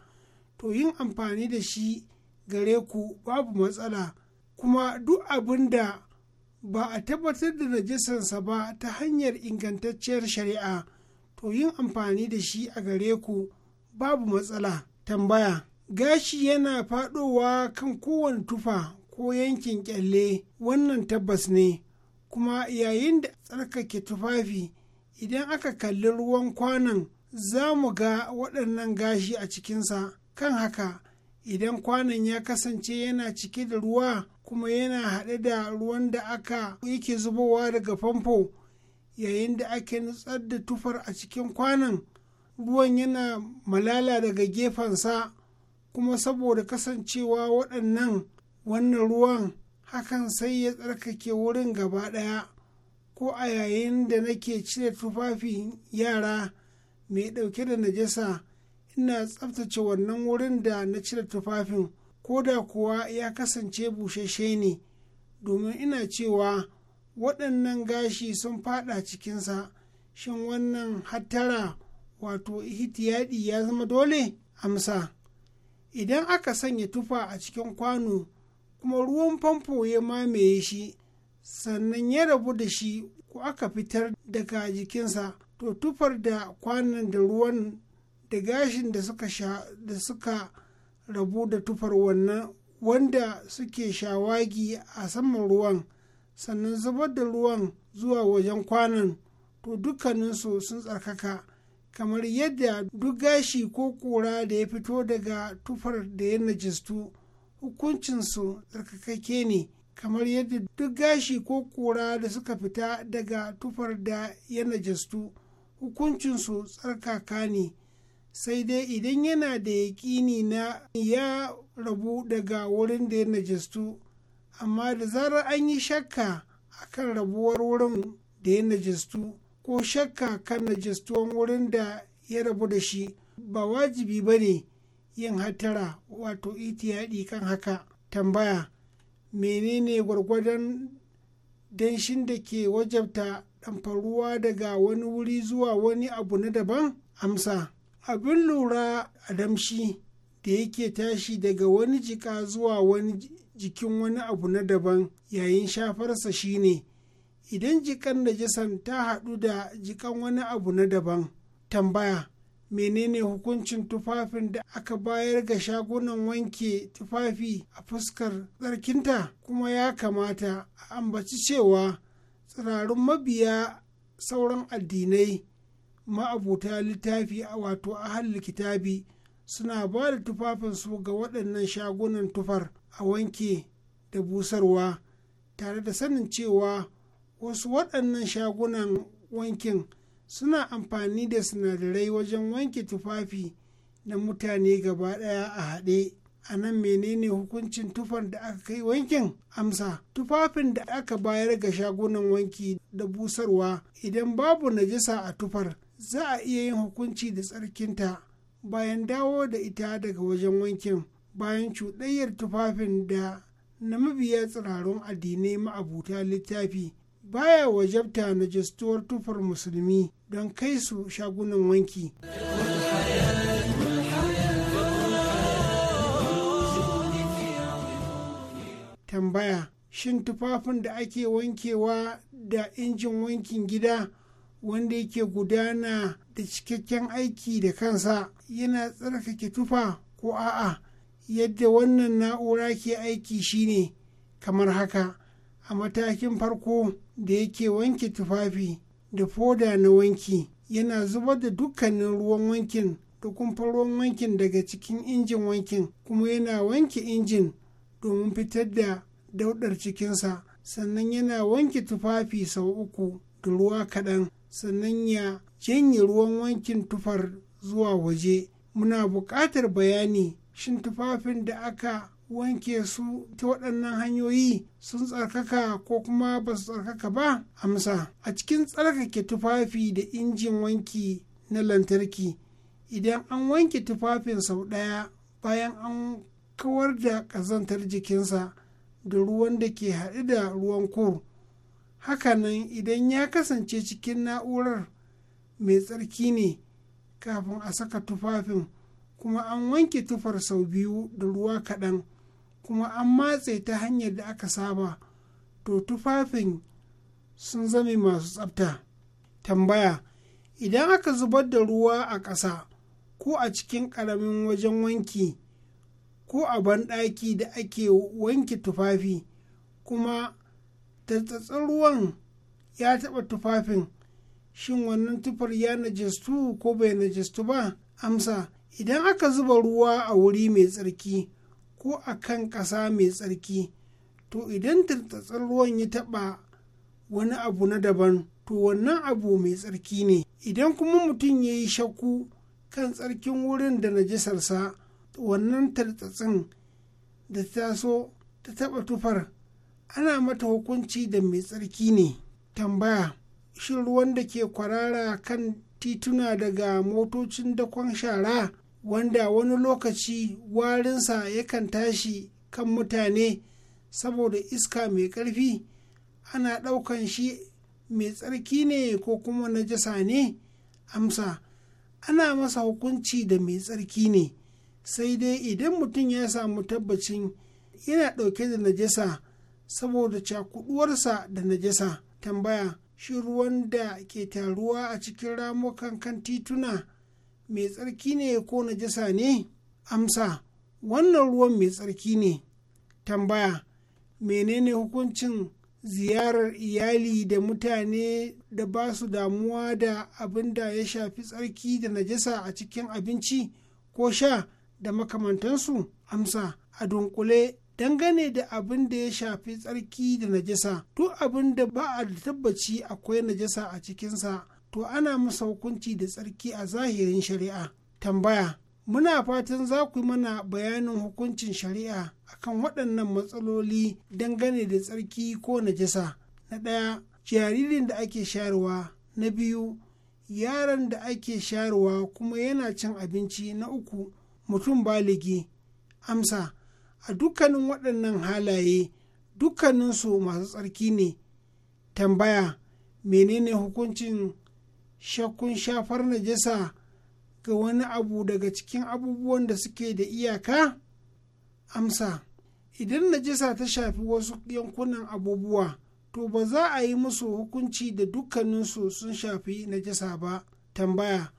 S8: to yin amfani da shi gare ku babu matsala kuma duk abin da ba a tabbatar da najisansa ba ta hanyar ingantacciyar shari'a to yin amfani da shi a gare ku babu matsala tambaya gashi yana faɗowa kan kowane tufa ko yankin kyalle wannan tabbas ne kuma yayin da tsarkake tufafi idan aka kalli ruwan kwanan za mu ga waɗannan gashi a cikinsa kan haka idan kwanan ya kasance yana cike da ruwa kuma yana haɗe da ruwan da aka yake zubowa daga famfo yayin da ake nutsar da tufar a cikin kwanan ruwan yana malala daga gefensa kuma saboda kasancewa waɗannan wannan ruwan hakan sai ya tsarkake wurin gaba ɗaya ko a yayin da nake cire tufafin yara mai ɗauke da najasa ina tsaftace wannan wurin da na cire tufafin ko da kuwa ya kasance bushashe ne domin ina cewa waɗannan gashi sun fada cikinsa shin wannan hattara wato ihtiyadi ya zama dole amsa idan aka sanya tufa a cikin kwano kuma ruwan famfo ya mamaye shi sannan ya rabu da shi ko aka fitar daga jikinsa to tufar da kwanan da ruwan da gashin da suka sha da suka rabu da tufar wannan wanda suke shawagi a saman ruwan sannan zubar da ruwan zuwa wajen kwanan to dukkaninsu sun tsarkaka kamar yadda duk gashi ko kura da ya fito daga tufar da ya najistu hukuncinsu tsarkakake ne kamar yadda duk gashi ko kura da suka fita daga tufar da ya najistu hukuncinsu tsarkaka ne sai dai idan yana da yaƙini na ya rabu daga wurin da ya najistu amma da zarar an yi shakka a kan rabuwar wurin da ya najistu ko shakka kan najistuwan wurin da ya rabu da shi ba wajibi ba ne yin hatara wato itiyaɗi kan haka tambaya menene gwargwadon danshin da ke wajabta ɗamfaruwa daga wani wuri zuwa wani abu na daban amsa abin lura a damshi da yake tashi daga wani jika zuwa wani jikin wani abu na daban yayin shafarsa shine idan jikan najasan ta haɗu da jikan wani abu na daban tambaya menene hukuncin tufafin da aka bayar ga shagunan wanke tufafi a fuskar tsarkinta kuma ya kamata a ambaci cewa tsirarun mabiya sauran addinai ma'abuta littafi wato ahal likitabi suna ba da tufafinsu ga waɗannan shagunan tufar a wanke da busarwa tare da sanin cewa wasu waɗannan shagunan wankin suna amfani da sinadarai wajen wanke tufafi na mutane gaba ɗaya a haɗe a nan menene hukuncin tufar da aka kai wankin amsa tufafin da aka bayar ga shagunan wanki da busarwa idan babu najisa a tufar za a iya yin hukunci da tsarkinta bayan dawo da ita daga wajen wankin bayan cuɗayyar tufafin da na mabiya tsirarun addinai ma'abuta littafi baya wajabta na jistuwar tufar musulmi don kai su shagunan wanki. Tambaya, shin tufafin da ake wankewa da injin wankin gida wanda yake gudana da cikakken aiki da kansa yana tsarkake tufa ko a'a yadda wannan na'ura ke aiki shine kamar haka a matakin farko da yake wanke tufafi da foda na wanki yana zubar da dukkanin ruwan wankin da kumfar ruwan wankin daga cikin injin wankin kuma yana wanke injin domin fitar da daudar cikinsa sannan yana wanke tufafi sau uku da ruwa kaɗan sannan ya janye ruwan wankin tufar zuwa waje muna buƙatar bayani shin tufafin da aka wanke su ta waɗannan hanyoyi sun tsarkaka ko kuma ba su tsarkaka ba amsa a cikin tsarkake tufafi da injin wanki na lantarki idan an wanke tufafin sau ɗaya bayan an kawar da ƙazantar jikinsa da ruwan da ke haɗe da ruwan kur hakanan idan ya kasance cikin na'urar mai tsarki ne kafin a saka tufafin kuma an wanke tufar sau biyu da ruwa kaɗan kuma an matse ta hanyar da aka saba to tufafin sun zame masu tsafta tambaya idan aka zubar da ruwa a ƙasa ko a cikin ƙaramin wajen wanki ko a banɗaki da ake wanke tufafi kuma tartatsin ruwan ya taɓa tufafin shin wannan tufar ya najistu ko bai najistu ba amsa idan aka zuba ruwa a wuri mai tsarki ko a kan ƙasa mai tsarki to idan tartatsin ruwan ya taɓa wani abu na daban to wannan abu mai tsarki ne idan kuma mutum ya yi shakku kan tsarkin wurin da najisarsa wannan tartatsin da ta so ta taɓa tufar ana mata hukunci da mai tsarki ne tambaya shin ruwan da ke kwarara kan tituna daga motocin dakon shara wanda wani lokaci warinsa yakan tashi kan mutane saboda iska mai ƙarfi ana ɗaukan shi mai tsarki ne ko kuma najasa ne amsa ana masa hukunci da mai tsarki ne sai dai idan mutum ya samu tabbacin yana ɗauke da najasa saboda cakuduwarsa da najasa tambaya shi ruwan da ke taruwa a cikin ramukan kan tituna mai tsarki ne ko najasa ne amsa wannan ruwan mai tsarki ne tambaya menene hukuncin ziyarar iyali da mutane da ba su damuwa da abin da ya shafi tsarki da najasa a cikin abinci ko sha da makamantansu amsa a dunkule dangane da abin da ya shafi tsarki da najasa duk abin da ba a tabbaci akwai najasa a cikinsa to ana masa hukunci da tsarki a zahirin shari'a tambaya muna fatan za ku mana bayanin hukuncin shari'a akan waɗannan matsaloli dangane da tsarki ko najasa na ɗaya jaririn da ake sharuwa na biyu yaron da ake sharuwa kuma yana cin abinci na uku mutum baligi amsa a dukkanin waɗannan halaye dukkaninsu masu tsarki ne tambaya menene hukuncin shakkun shafar najasa ga wani abu daga cikin abubuwan da suke da iyaka amsa idan najasa ta shafi wasu yankunan abubuwa to ba za a yi musu hukunci da dukkaninsu sun shafi najasa ba tambaya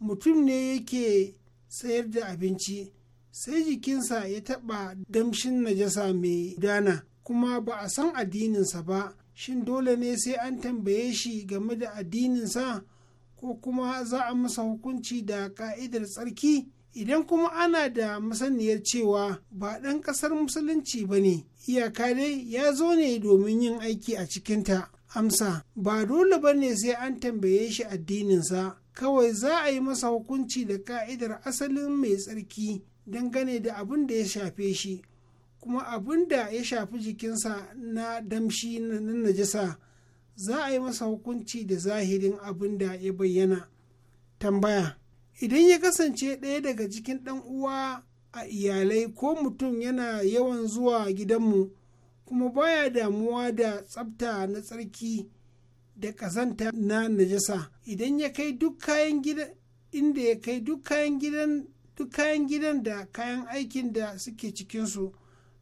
S8: mutum ne yake sayar da abinci sai jikinsa ya taɓa damshin najasa mai dana kuma ba a san addininsa ba shin dole ne sai an tambaye shi game da addininsa ko kuma za a masa hukunci da ka'idar tsarki idan kuma ana da masaniyar cewa ba ɗan ƙasar musulunci ba ne iyaka dai ya zo ne domin yin aiki a cikinta amsa ba dole ba ne sai an tambaye shi addininsa kawai za a yi masa hukunci da ka'idar asalin mai tsarki dangane da abin da ya shafe shi kuma abin da ya shafi jikinsa na damshi na najasa za a yi masa hukunci da zahirin abin da ya bayyana tambaya idan ya kasance ɗaya daga cikin ɗan uwa a iyalai ko mutum yana yawan zuwa gidanmu kuma baya damuwa da tsabta na tsarki da ƙazanta na najasa idan ya kai ya kai duk kayan gidan duk kayan gidan da kayan aikin da suke cikinsu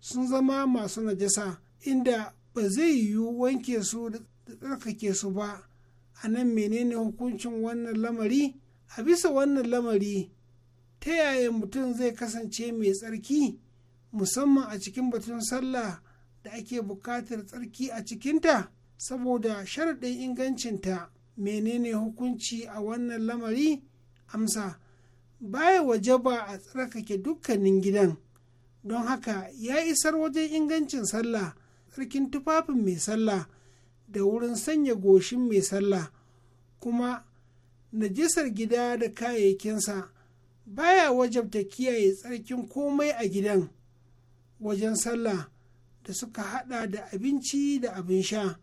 S8: sun zama masu najasa inda ba zai yiwu wanke su da tsarkake su ba a nan menene hukuncin wannan lamari a bisa wannan lamari ta yaya mutum zai kasance mai tsarki musamman a cikin batun sallah da ake buƙatar tsarki a cikinta saboda sharaɗin ingancinta menene hukunci a wannan lamari amsa baya waje ba a tsarkake dukkanin gidan don haka ya isar wajen ingancin sallah tsarkin tufafin mai sallah da wurin sanya goshin mai sallah kuma najisar gida da kayayyakinsa baya wajabta kiyaye tsarkin komai a gidan wajen sallah da suka hada da abinci da abin sha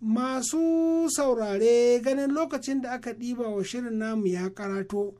S8: masu saurare ganin lokacin da aka ɗiba wa shirin namu ya karato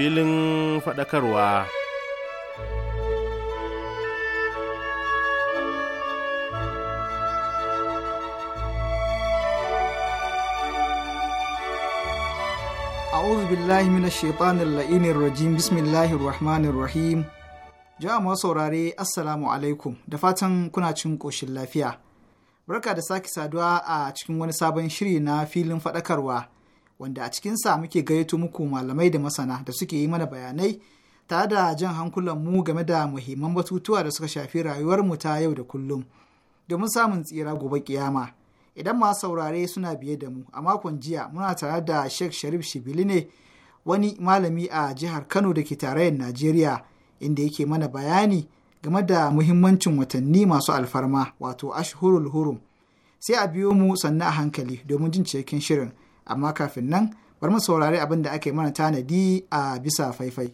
S5: filin faɗakarwa.
S2: A'udhu billahi minash shaitanir la'inir rajim bismillahir rahmanir rahim. Jama'a ma saurare Assalamu alaikum da fatan kuna cin koshin lafiya. Barka da sake saduwa a cikin wani sabon shiri na filin fadakarwa. wanda a cikinsa muke gayyato muku malamai da masana da suke yi mana bayanai tare da jan hankulan mu game da muhimman batutuwa da suka shafi rayuwar mu ta yau da kullum domin samun tsira gobe kiyama idan ma saurare suna biye da mu a makon jiya muna tare da sheikh sharif shibili ne wani malami a jihar kano da ke tarayyar najeriya inda yake mana bayani game da muhimmancin watanni masu alfarma wato ashhurul hurum sai a biyo mu sannan a hankali domin jin cikin shirin amma kafin nan bari mu saurari abin da ake mana tanadi a bisa faifai.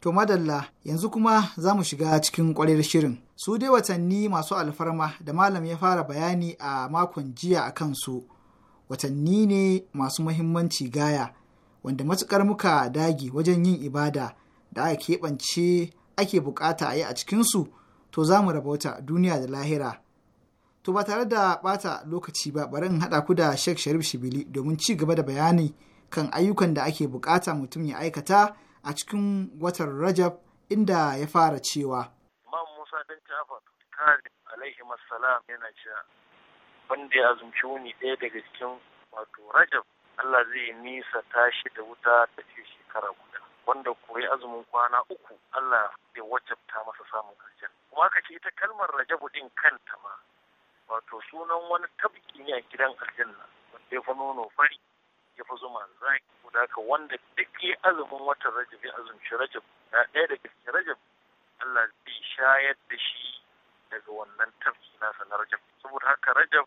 S2: To madalla yanzu kuma za mu shiga cikin ƙwarar shirin. Su dai watanni masu alfarma da malam ya fara bayani a makon jiya a kansu. Watanni ne masu muhimmanci gaya. wanda matuƙar muka dage wajen yin ibada da aka keɓance ake buƙata a yi a cikinsu to za mu wata duniya da lahira. To ba tare da ɓata lokaci ba bari in haɗa ku da Sheikh Sharif Shibili domin ci gaba da bayani kan ayyukan da ake buƙata mutum ya aikata a cikin watan Rajab inda ya fara cewa.
S9: Imam Musa ɗan Jafar kare alaihi masalam yana cewa wanda ya azumci wuni ɗaya daga cikin wato Rajab Allah zai nisa tashi da wuta ta ce shekara guda wanda koyi azumin kwana uku Allah ya wajabta masa samun aljanna kuma ka ce ita kalmar rajabu ɗin kanta ma wato sunan wani tabki ne a gidan aljanna wanda ya fa nono fari ya fi zuma zaki guda ka wanda duk ya azumin watan rajab ya azumci rajab na ɗaya da gaske rajab Allah zai shayar da shi daga wannan tafki nasa na rajab saboda haka rajab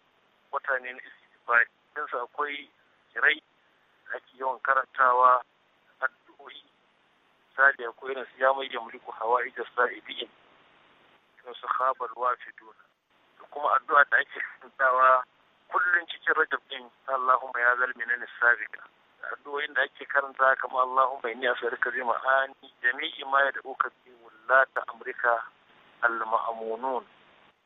S9: wata ne na istighfari akwai zikirai da ake yawan karantawa addu'o'i misali akwai irin su ya mai da mulku hawa'i da sa'idin irin su wafi wafiduna da kuma addu'a da ake karantawa kullum cikin rajab din Allahumma ya zalmi na nisabika addu'o'in da ake karanta kamar Allahumma inni as'aluka bi ma'ani jami'i ma ya da'uka bi wallata amrika al-ma'amunun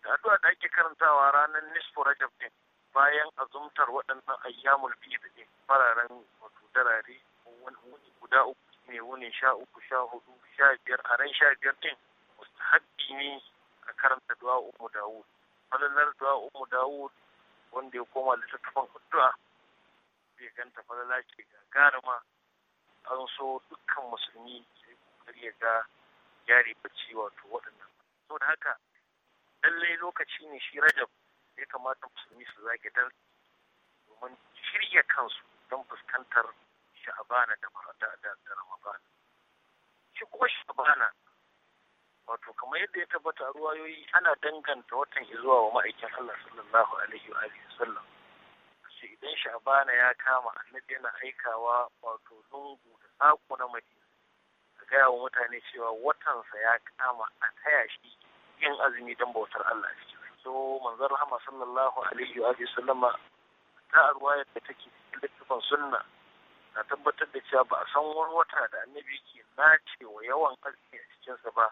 S9: da addu'a da ake karantawa ranar nisfu rajab din bayan azumtar waɗannan ayyamul biyu da fararen wato darare wani guda uku ne wani sha uku sha hudu sha biyar a ran sha biyar din mustahabbi ne a karanta du'a ummu dawud falalar du'a ummu dawud wanda ya koma littattafan addu'a zai ganta falala ce gagarima an so dukkan musulmi sai kokari ya ga yare bacci wato waɗannan saboda haka lallai lokaci ne shi rajab ya kamata musulmi su zage dan domin shirya kansu don fuskantar sha'abana da ramadana shi kuma sha'abana wato kamar yadda ya tabbata ruwayoyi ana danganta watan zuwa wa ma'aikin Allah sallallahu alaihi wa alihi sallam shi idan Sha'abana ya kama annabi yana aikawa wato lungu da sako na madina a gaya wa mutane cewa watansa ya kama a taya shi yin azumi don bautar Allah shi so manzon rahama sallallahu alaihi wa sallama ta ruwaya da take littafin sunna na tabbatar da cewa ba a san wani wata da annabi ke nace wa yawan azumi a cikinsa ba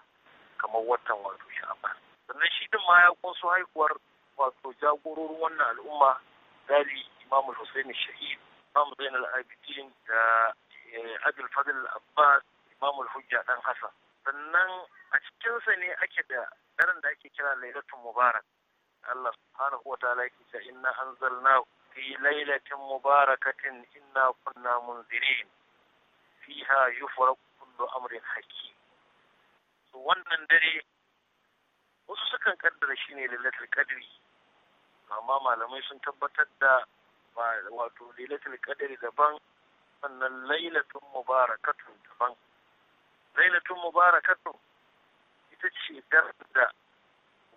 S9: kamar watan wato sha'aban sannan shi din ma ya kunso haihuwar wato jagororin wannan al'umma dali imam al-husayn shahid imam al-abidin da eh, abul fadl al-abbas imam hujja dan hasan sannan a cikinsa ne ake da daren da ake kira lailatul mubarak Allah subhanahu wa ta'ala yake cewa inna anzalnahu fi lailatin mubarakatin inna kunna munzirin fiha yufraku kullu amrin hakim to wannan dare wasu sukan kaddara ne lailatul qadri amma malamai sun tabbatar da wato lailatul qadri daban sannan lailatul mubarakatun daban lailatul mubarakatun ita ce da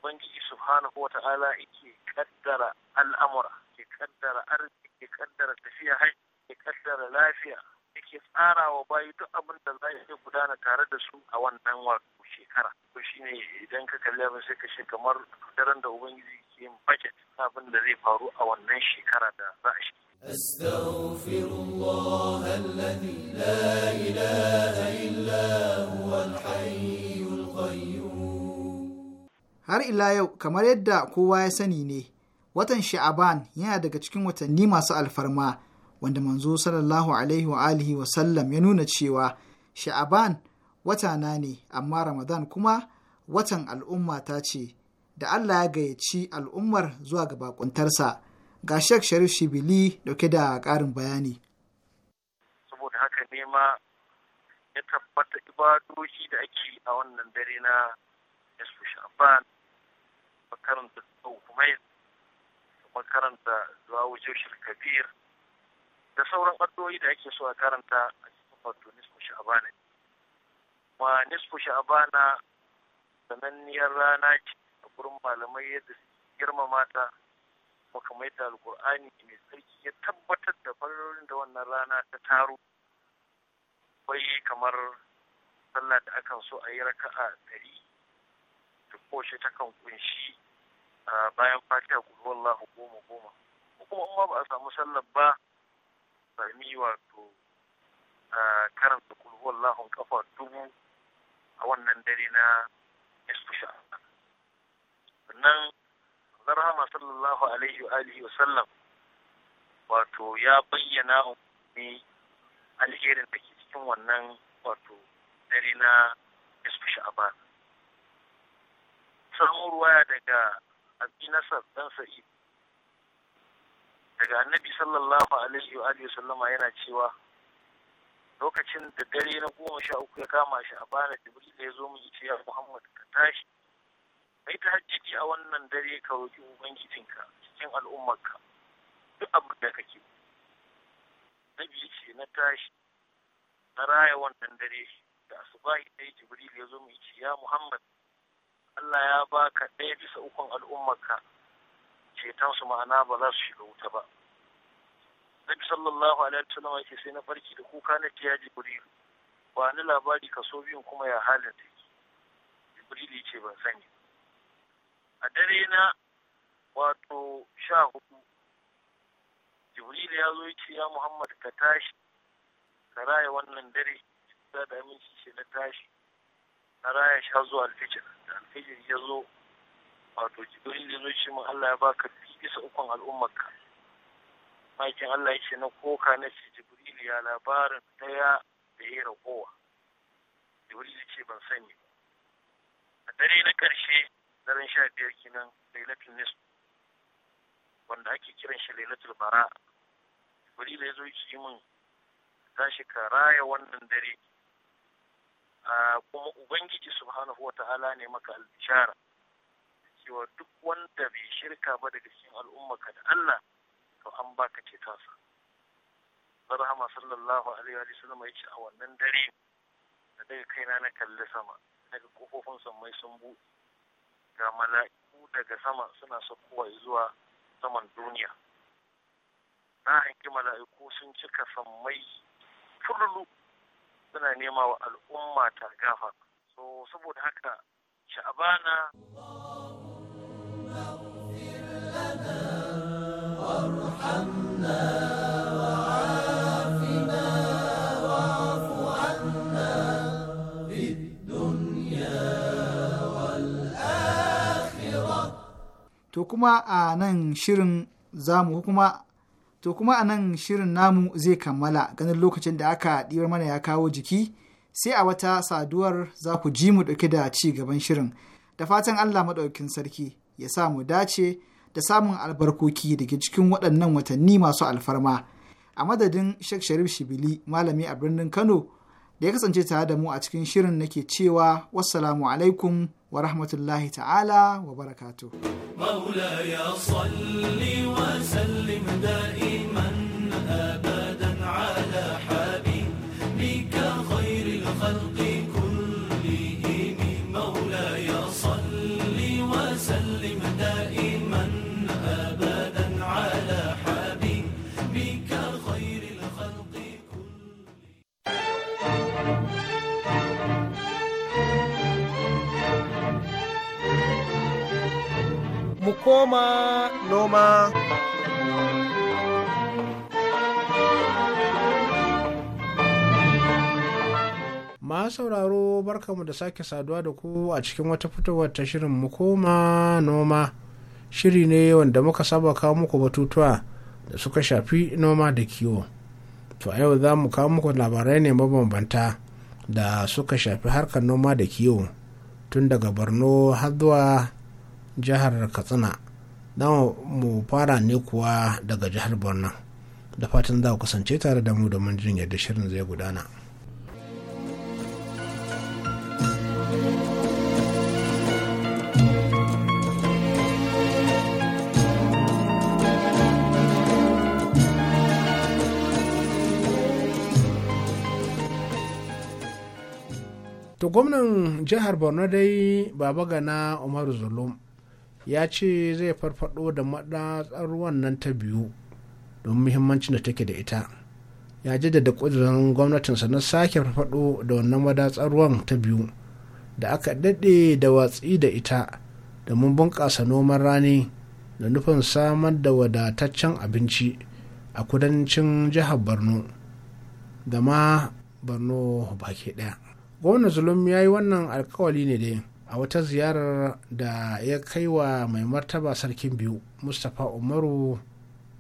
S9: ubangiji subhanahu wa ta'ala yake kaddara al'amura ke kaddara arziki ke kaddara tafiya hai ke kaddara lafiya yake tsara wa bayi duk abin da za iya gudana tare da su a wannan wato shekara shi shine idan ka kalli abin sai ka shi kamar daren da ubangiji ke yin budget abin da zai faru a wannan shekara da za a shi
S6: أستغفر الله الذي لا إله إلا هو الحي
S2: har ila yau kamar yadda kowa ya sani ne watan sha'aban yana daga cikin watanni masu alfarma wanda manzo sallallahu alaihi wa alihi wa sallam ya nuna cewa sha'aban wata na ne amma ramadan kuma watan al'umma ta ce da allah ya gayyaci al'ummar zuwa ga bakuntarsa ga shek sharif shibili dauke da karin bayani saboda
S9: haka nema ya tabbata ibadoshi da ake a wannan dare na yasu sha'aban makaranta sau humaid da makaranta zuwa da sauran addu'o'i da ake so a karanta a cikin wato nisfu sha'abana ma nisfu sha'abana sananniyar rana ce a gurin malamai yadda girmama ta makamai da Alƙur'ani mai tsarki ya tabbatar da farorin da wannan rana ta taro bai kamar sallah da akan so a yi raka'a ɗari da koshe ta kan kunshi bayan fatiha kudu wallahu goma goma ko kuma umma ba a samu sallar ba sami wato karanta kudu wallahu kafa dubu a wannan dare na istisha sannan zarhama sallallahu alaihi wa alihi wa sallam wato ya bayyana ummi alherin da ke cikin wannan wato dare na istisha ba samun ruwaya daga abi nasar dan sa'id daga annabi sallallahu alaihi wa alihi sallama yana cewa lokacin da dare na goma sha uku ya kama shi a bana jibril ya zo mu ce ya muhammad ka tashi kai ta hajjiji a wannan dare ka roki ubangijinka cikin al'ummarka duk abin da kake nabi ya ce na tashi na raya wannan dare da asubahi sai jibril ya zo mu ce ya muhammad Allah ya ba ka ɗaya bisa ukun al'ummarka ceton su ma'ana ba za su shiga wuta ba Nabi sallallahu alaihi wasallam yake sai na farki da kuka na tiya Jibril ba ni labari kaso biyun kuma ya halin take Jibril yace ban sani a dare na wato sha hudu Jibril ya zo yace ya Muhammad ka tashi ka raya wannan dare da aminci ce na tashi na raya sha zuwa alfijir da alfijir ya zo wato jibril ya zo shi mu Allah ya baka fi bisa ukun al'ummarka makin Allah ya ce na koka na ce jibril ya labarin daya da ya ragowa jibril ya ce ban sani ba a dare na karshe daren sha biyar kinan lailatul nisf wanda ake kiran shi lailatul bara jibril ya zo shi mun tashi ka raya wannan dare kuma ubangiji subhanahu wa ta'ala ne maka albishara cewa duk wanda bai shirka ba daga cikin ka da Allah to an baka tasa barhama sallallahu alaihi wa sallam ya ce a wannan dare da daga kaina na kalli sama daga kofofin sammai sun buɗe ga mala'iku daga sama suna saukowa zuwa saman duniya na hanki mala'iku sun cika sammai fululu suna nema wa al'umma ta gafa so saboda haka sha'abana
S2: To kuma a nan shirin zamu kuma To kuma a nan shirin namu zai kammala ganin lokacin da aka ɗiwar mana ya kawo jiki sai a wata saduwar za ku ji mu ɗauke da ci gaban shirin. Da fatan Allah maɗaukin sarki ya sa mu dace da samun albarkoki daga cikin waɗannan watanni masu alfarma. A madadin Sheikh Sharif Shibili malami a birnin Kano da ya kasance tare da mu a cikin shirin nake cewa wassalamu alaikum wa rahmatullahi ta'ala wa barakatuh.
S8: koma noma.
S5: Ma sauraro barkamu da sake saduwa da ku a cikin wata fitowar ta shirin mu koma noma shiri ne wanda muka saba kawo muku batutuwa da suka shafi noma da kiwo to a yau za mu kawo muku labarai ne mabambanta da suka shafi harkar noma da kiwo tun daga borno har zuwa jihar katsina da mu fara ne kuwa daga jihar borno da fatan za ku kasance tare da mu domin jin yadda shirin zai gudana. ta gwamnan jihar Borno dai Baba Gana Umaru Zulum ya ce zai farfado da ruwan nan ta biyu don muhimmancin da take da ita ya jaddada kudurin gwamnatinsa na sake farfado da wannan madatsar ruwan ta biyu da aka daɗe da watsi da ita domin bunƙasa noman rani da nufin samar da wadataccen abinci a kudancin jihar borno da ma borno baki ɗaya gwamnan zulum ya yi wannan alkawali ne dai a wata ziyarar da ya kai wa mai martaba sarkin biyu mustapha umaru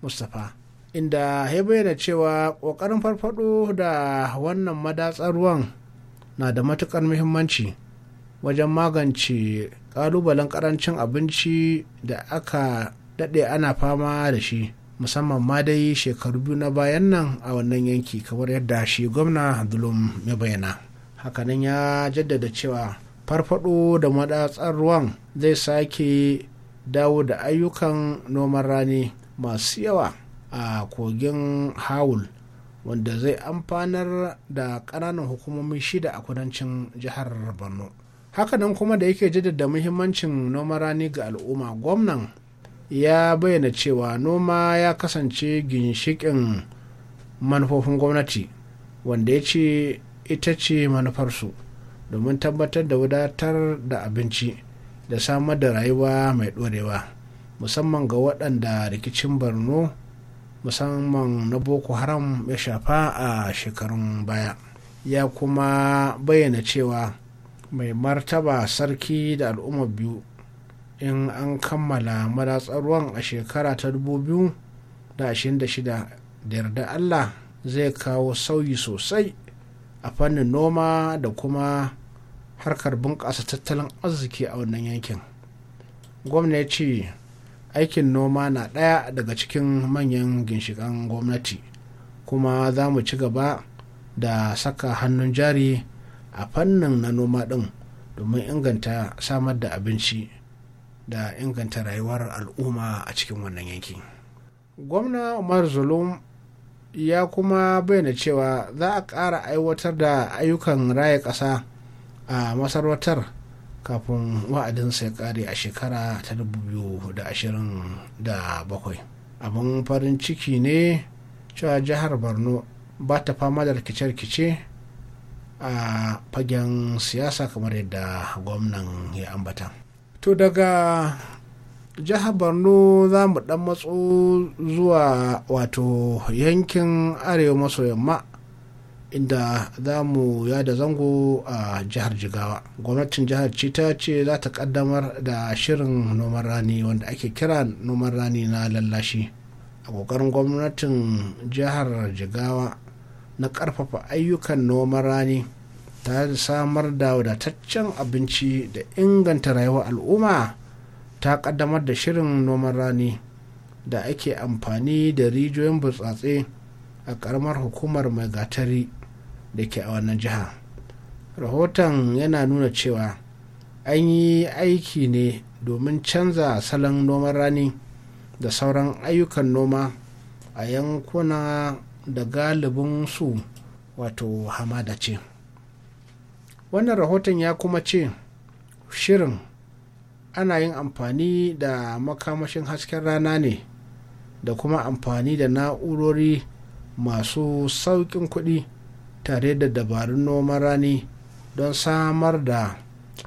S5: mustapha inda ya bayyana cewa ƙoƙarin farfado da wannan madatsar ruwan na da matuƙar muhimmanci wajen magance ƙalubalen ƙarancin abinci da aka daɗe ana fama da shi musamman ma dai shekaru biyu na bayan nan a wannan yanki kamar yadda shi gwamna dulum ya bayyana hakanan ya jaddada cewa farfado da madatsar ruwan zai sake dawo da ayyukan noman rani masu yawa a kogin hawul wanda zai amfanar da ƙananan hukumomi shida a kudancin jihar borno hakanan kuma da yake jaddada muhimmancin noman rani ga al'umma gwamnan ya bayyana cewa noma ya kasance ginshikin manufofin gwamnati wanda ya ce ita ce manufarsu domin tabbatar da wadatar da abinci da samar da rayuwa mai ɗorewa musamman ga waɗanda rikicin barno musamman na boko haram ya shafa a shekarun baya ya kuma bayyana cewa mai martaba sarki da al'ummar biyu in an kammala madatsar ruwan a shekara ta 2026 da yarda allah zai kawo sauyi sosai a fannin noma da kuma harkar bunƙasa tattalin arziki a wannan yankin gwamna ya ce aikin noma na ɗaya daga cikin manyan ginshiƙan gwamnati kuma za mu ci gaba da saka hannun jari a fannin na noma ɗin domin inganta samar da abinci da inganta rayuwar al'umma a cikin wannan yankin. gwamna umar zulum ya kuma bayyana cewa za a ƙara aiwatar da ayyukan raya ƙasa a masarautar kafin wa'adinsa ya kare a shekara ta da da bakwai. abin farin ciki ne cewa jihar borno ba ta fama da rikice-rikice a fagen siyasa kamar yadda gwamnan ya ambata to daga jihar borno za mu dan matso zuwa wato yankin arewa maso yamma inda za mu yada zango a jihar jigawa gwamnatin jihar ce ta ce za ta kaddamar da shirin noman rani wanda ake kira noman rani na lallashi a kokarin gwamnatin jihar jigawa na karfafa ayyukan noman rani ta samar da wadataccen abinci da inganta rayuwar al'umma ta kaddamar da shirin noman rani da ake amfani da rijiyoyin burtsatse a karamar hukumar mai gatari da ke a wannan jiha rahoton yana nuna cewa an yi aiki ne domin canza salon noman rani da sauran ayyukan noma a yankuna da galibin su wato hamada ce wannan rahoton ya kuma ce shirin ana yin amfani da makamashin hasken rana ne da kuma amfani da na'urori masu sauƙin kuɗi tare da dabarun noman rani don samar da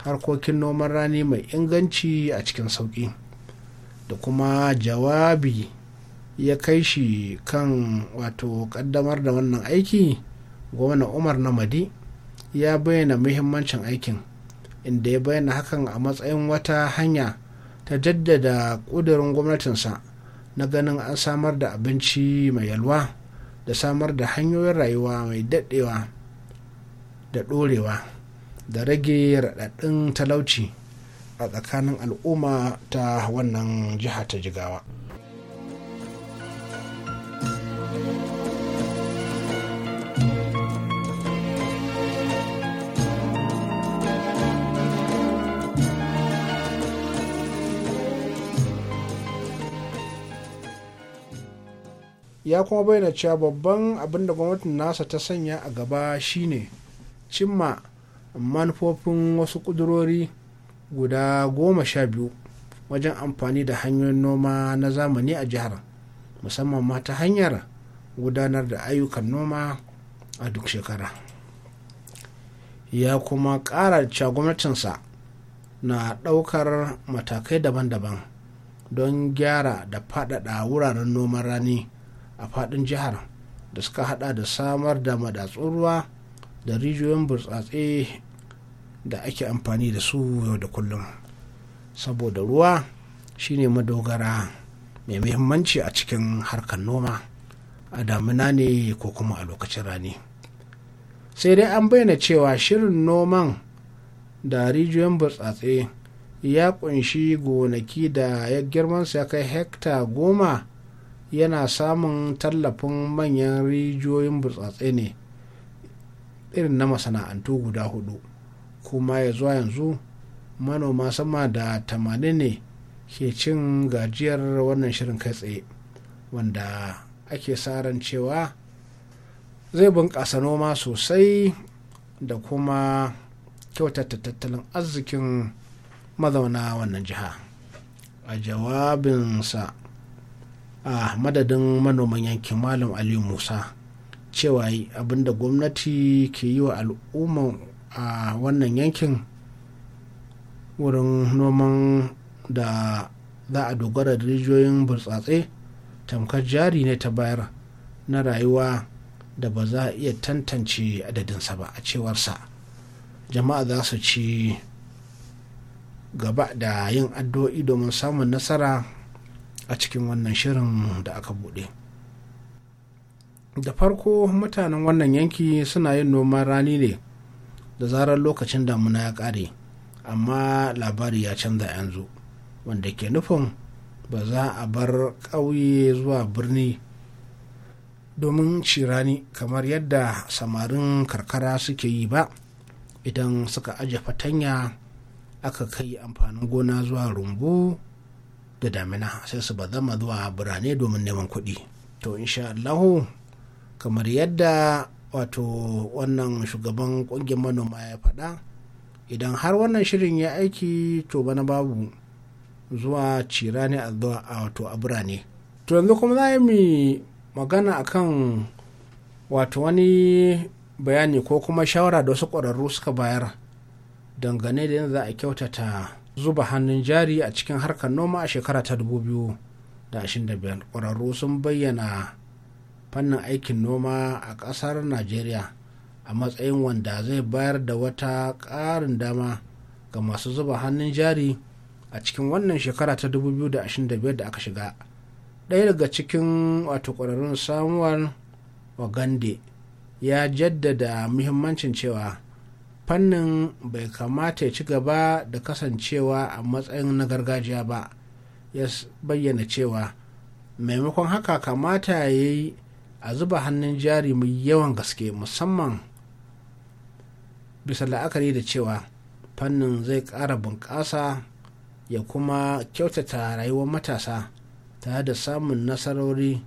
S5: harkokin noman rani mai inganci a cikin sauƙi da kuma jawabi ya kai shi kan wato ƙaddamar da wannan aiki gwamna umar namadi ya bayyana muhimmancin aikin inda ya bayyana hakan a matsayin wata hanya ta jaddada ƙudurin gwamnatinsa na ganin an samar da abinci mai yalwa da samar da hanyoyin rayuwa mai daɗewa da ɗorewa da rage raɗaɗin talauci a tsakanin al'umma ta wannan jiha ta jigawa. ya kuma bayyana cewa babban abin da gwamnatin nasa ta sanya a gaba shine cimma manufofin wasu ƙudurori guda goma sha biyu wajen amfani da hanyoyin noma na zamani a jihar musamman ma ta hanyar gudanar da ayyukan noma a duk shekara ya kuma ƙara cewa gwamnatinsa na ɗaukar matakai daban-daban don gyara da faɗaɗa wuraren noman rani a faɗin jihar da suka hada da samar da madatsun ruwa da rijiyoyin burtsatse da ake amfani da su yau da kullum saboda ruwa shine madogara mai muhimmanci a cikin harkar noma a damina ne ko kuma a lokacin rani sai dai an bayyana cewa shirin noman da rijiyoyin burtsatse ya kunshi gonaki da ya girmansa ya kai hekta goma yana samun tallafin manyan rijiyoyin burtsatse ne irin na masana'antu guda hudu kuma ya zuwa yanzu manoma sama da tamanin ne ke cin gajiyar wannan shirin kai tsaye wanda ake saran cewa zai bunƙasa noma sosai da kuma kyautata tattalin arzikin mazauna wannan jiha a jawabinsa a madadin manoman yankin malam aliyu musa cewa abinda gwamnati ke yi wa al'umma a wannan yankin wurin noman da za a dogara da rijiyoyin burtsatse tamkar jari ne ta bayar na rayuwa da ba za a iya tantance adadinsa ba a cewarsa jama'a za su ci gaba da yin addu'o'i domin samun nasara a cikin wannan shirin da aka buɗe da farko mutanen wannan yanki suna yin noman rani ne da zarar lokacin damuna ya ƙare amma labari ya canza yanzu wanda ke nufin ba za a bar ƙauye zuwa birni domin ci rani kamar yadda samarin karkara suke yi ba idan suka aje fatanya aka kai amfanin gona zuwa rumbu da damina sai su bazama zuwa birane domin neman kuɗi to insha Allahu kamar yadda wato wannan shugaban ƙungiyar manoma ya faɗa idan har wannan shirin ya aiki to bana babu zuwa cira ne a zuwa a wato a birane to yanzu kuma za mi magana akan wato wani bayani ko kuma shawara da wasu ƙwararru suka bayar dangane da yanzu za a kyautata zuba hannun jari a cikin harkar noma a shekara ta 2025 ƙwararru sun bayyana fannin aikin noma a ƙasar najeriya a matsayin wanda zai bayar da wata ƙarin dama ga masu zuba hannun jari a cikin wannan shekara ta 2025 da aka shiga ɗaya daga cikin wato ƙwararrun samuwar gande ya jaddada muhimmancin cewa fannin bai kamata ya ci gaba da kasancewa a matsayin na gargajiya ba ya bayyana cewa maimakon haka kamata ya yi a zuba hannun jari mai yawan gaske musamman bisa la'akari da cewa fannin zai ƙara bunƙasa ya kuma kyautata rayuwar matasa tare da samun nasarori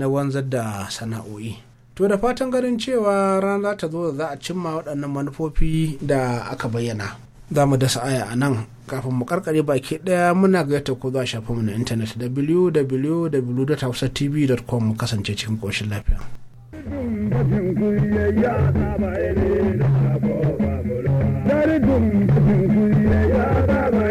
S5: na wanzar da sana'o'i to da fatan ganin cewa rana ta zo da za a cimma waɗannan manufofi da aka bayyana za mu dasa aya a nan kafin mu karkare baki ɗaya muna gayyata ko za zuwa mu na intanet www.hausatv.com mu kasance cikin ƙoshin lafiya. Dari dum dum kuliya ya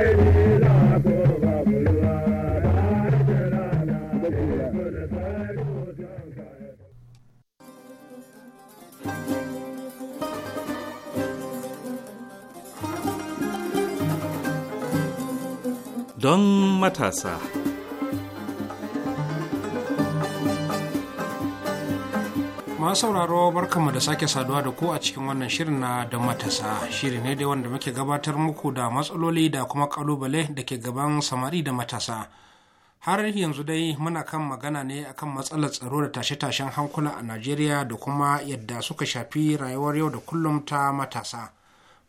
S3: don matasa.
S5: masu sauraro barkanmu da sake saduwa da ku a cikin wannan shirin na da matasa shiri ne dai wanda muke gabatar muku da matsaloli da kuma kalubale da ke gaban samari da matasa har yanzu dai muna kan magana ne akan matsalar tsaro da tashe-tashen hankula a najeriya da kuma yadda suka shafi rayuwar yau da kullum ta matasa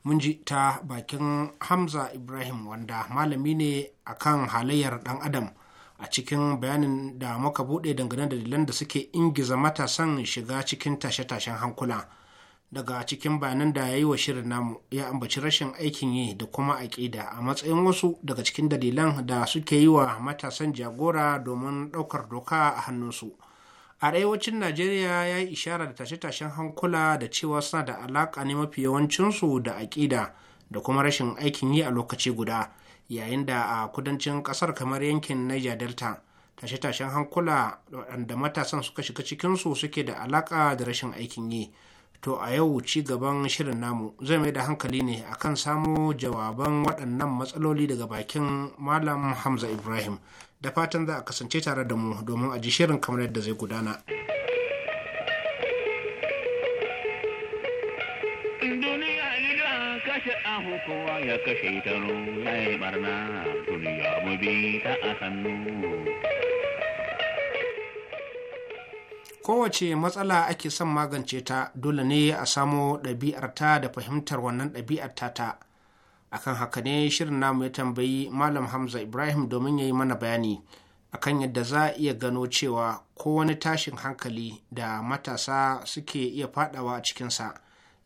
S5: mun ji ta bakin hamza ibrahim wanda malami ne a kan halayyar dan adam a cikin bayanin da muka bude dangane da dalilan da suke ingiza matasan shiga cikin tashe-tashen hankula daga cikin bayanan da ya yi wa shirin namu ya ambaci rashin aikin yi da kuma aƙida a matsayin wasu daga cikin dalilan da suke yi wa matasan jagora domin ɗaukar doka a hannunsu arewacin najeriya ya yi ishara da tashe-tashen hankula da cewa suna da alaƙa ne mafi yawancinsu da aƙida da kuma rashin aikin yi a lokaci guda yayin da a kudancin ƙasar kamar yankin niger delta tashe-tashen hankula waɗanda matasan suka shiga cikinsu suke da alaƙa da rashin aikin yi to a yau ci gaban shirin namu zai mai da hankali ne akan samo jawaban waɗannan matsaloli daga bakin malam hamza ibrahim da fatan za a kasance tare da mu domin a ji shirin kamar yadda zai gudana.
S10: kashe ya kashe
S5: Kowace matsala ake son magance ta dole ne a samo ɗabi'arta da fahimtar wannan ɗabi'ar ta. akan haka ne shirin namu ya tambayi malam hamza ibrahim domin ya yi mana bayani akan yadda za a iya gano cewa ko wani tashin hankali da matasa suke iya fadawa a cikinsa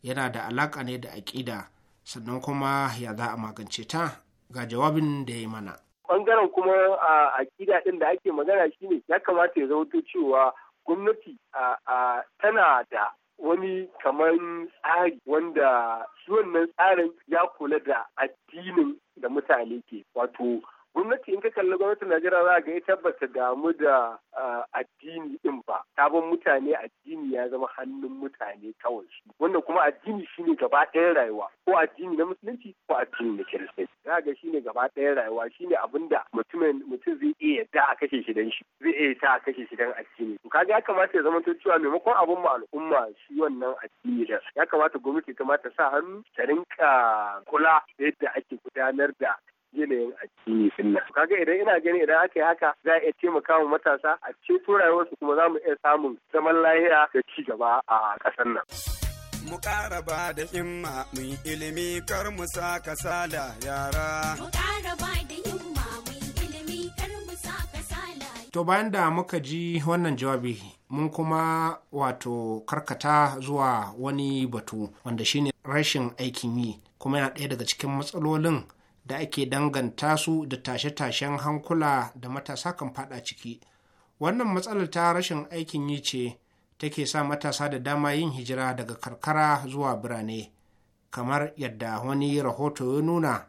S5: yana da alaka ne da aƙida sannan kuma ya za a magance ta ga jawabin da ya yi mana
S11: Ɓangaren kuma a aƙida ɗin da ake magana shine ya kamata ya zama cewa gwamnati tana da wani kamar tsari wanda shi wannan tsarin ya kula da
S6: addinin
S11: da mutane ke wato gwamnati in ka kalli gwamnatin najeriya za ga ita ba ta damu da addini din ba sabon mutane addini ya zama hannun mutane kawai shi wannan kuma addini shine gaba ɗayan rayuwa ko addini na musulunci ko addini na kiristanci za ga shine gaba ɗayan rayuwa shine abin da mutumin mutum zai iya yadda a kashe shi dan shi zai iya ta a kashe shi dan addini to kaga ya kamata ya zama cewa maimakon abin mu al'umma shi wannan addini da ya kamata gwamnati ta mata sa hannu ta rinka kula da yadda ake gudanar da yanayin addini sunna kaga idan ina gani idan aka yi haka za a iya taimaka wa matasa a ceto rayuwarsu kuma za mu iya samun zaman lahiya da ci gaba a ƙasar nan.
S12: mu ƙara ba da himma mu yi ilimi kar mu sa kasala yara. To bayan da muka ji
S5: wannan jawabi mun kuma wato karkata zuwa wani batu wanda shine rashin aikin yi kuma yana ɗaya daga cikin matsalolin da ake danganta su da tashe-tashen hankula da matasa kan fada ciki wannan matsalar ta rashin aikin yi ce take sa matasa da dama yin hijira daga karkara zuwa birane kamar yadda wani rahoto ya nuna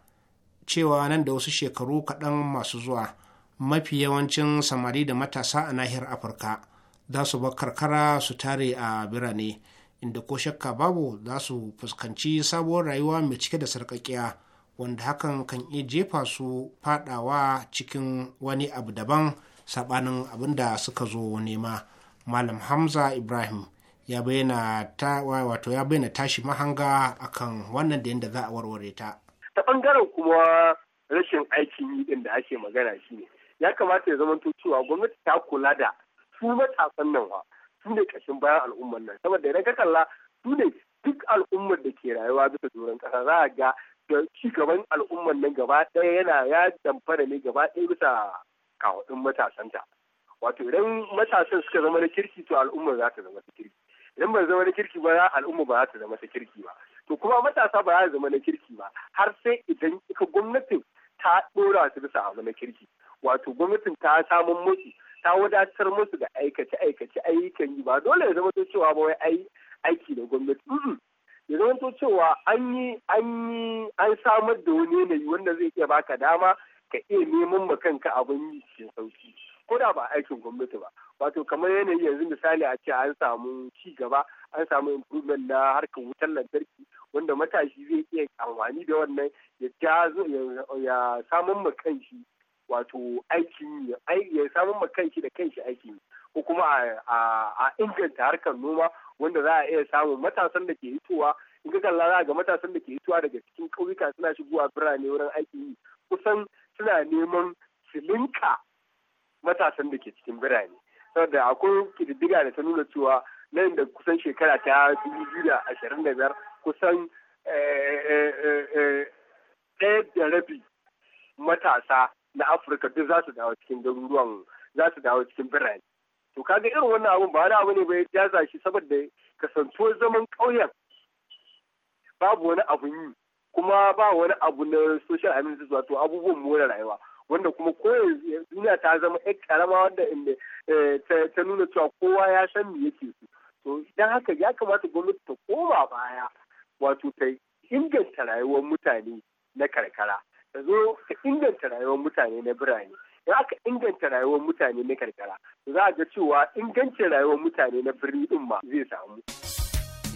S5: cewa nan da wasu shekaru kaɗan masu zuwa mafi yawancin samari da matasa a nahiyar afirka za su bar karkara su tare a birane inda ko shakka babu za su fuskanci sabuwar rayuwa mai cike da sarƙaƙiya wanda hakan kan iya jefa su fadawa cikin wani abu daban sabanin abin da suka zo nema malam hamza ibrahim ya bayyana ta wato ya bayyana tashi mahanga akan wannan da yadda za a warware ta
S11: ta bangaren kuma rashin aikin yi din da ake magana shine ya kamata ya zama cewa gwamnati ta kula da su matasan nan wa su ne kashin bayan al'ummar nan saboda idan ka kalla su ne duk al'ummar da ke rayuwa bisa doron kasa za a ga da ci gaban al'umman nan gaba ɗaya yana ya damfara ne gaba ɗaya bisa matasan matasanta wato idan matasan suka zama na kirki to al'umma za ta zama ta kirki idan ba zama na kirki ba al'umma ba za ta zama ta kirki ba to kuma matasa ba za zama na kirki ba har sai idan ka gwamnatin ta ɗora su bisa abu na kirki wato gwamnatin ta samun musu ta wadatar musu da aikace aikace ayyukan yi ba dole ya zama cewa ba wai aiki da gwamnati ya zamanto cewa an yi an yi an samar da wani yanayi wanda zai iya baka dama ka iya neman ma kanka abin yi cikin sauki ko da ba aikin gwamnati ba wato kamar yanayi yanzu misali a ce an samu ci gaba an samu improvement na harkar wutar lantarki wanda matashi zai iya amfani da wannan ya ya samun ma kanshi wato aikin ya samun ma kanshi da kanshi aikin ko kuma a inganta harkar noma wanda za a iya samun matasan da ke hitowa in ka kalla za ga matasan da ke hitowa daga cikin ƙauyuka suna shigowa birane wurin aiki yi kusan suna neman silinka matasan da ke cikin birane saboda akwai kididdiga da ta nuna cewa nan da kusan shekara ta dubu biyu da ashirin da biyar kusan eh, eh, eh, ɗaya da rabi matasa na afirka duk za su dawo cikin garuruwan za su dawo cikin birane to kaga irin wannan abun ba wani abu ne ba ya jaza shi saboda kasantuwar zaman ƙauyen babu wani abun yi kuma ba wani abu na social amenities wato abubuwan more rayuwa wanda kuma ko duniya ta zama yan karama wanda inda eh, ta nuna cewa kowa ya san me yake so to idan haka ya kamata gwamnati ta koma baya wato ta inganta rayuwar mutane na karkara ta zo ta inganta rayuwar mutane na birane in aka inganta rayuwar mutane na karkara za a ga cewa ingancin rayuwar mutane na birni din ma zai samu.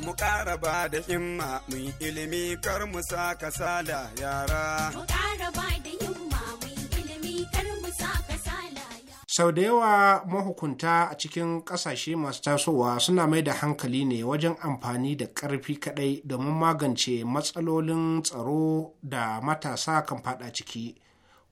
S12: Mu ƙara ba da himma mu ilimi kar mu sa yara. Mu ƙara
S6: ba da
S10: himma mu ilimi kar mu sa kasala
S12: yara. Sau da yawa mahukunta a
S5: cikin ƙasashe masu tasowa suna mai da hankali ne wajen amfani da ƙarfi kaɗai domin magance matsalolin tsaro da matasa kan faɗa ciki.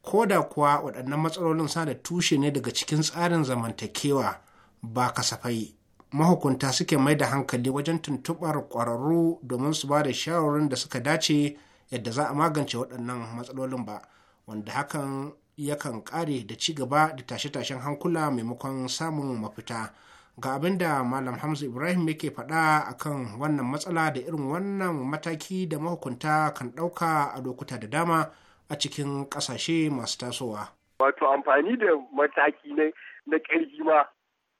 S5: ko da kuwa waɗannan matsalolin sa da tushe ne daga cikin tsarin zamantakewa ba kasafai mahukunta suke mai da hankali wajen tuntuɓar ƙwararru domin su ba da shawarorin da suka dace yadda za a magance waɗannan matsalolin ba wanda hakan yakan ƙare da ci gaba da tashe-tashen hankula maimakon samun mafita ga abin da malam hamza ibrahim yake faɗa akan wannan matsala da irin wannan mataki da mahukunta kan ɗauka a lokuta da dama a cikin ƙasashe masu tasowa.
S11: Wato amfani da mataki na ƙarfi ma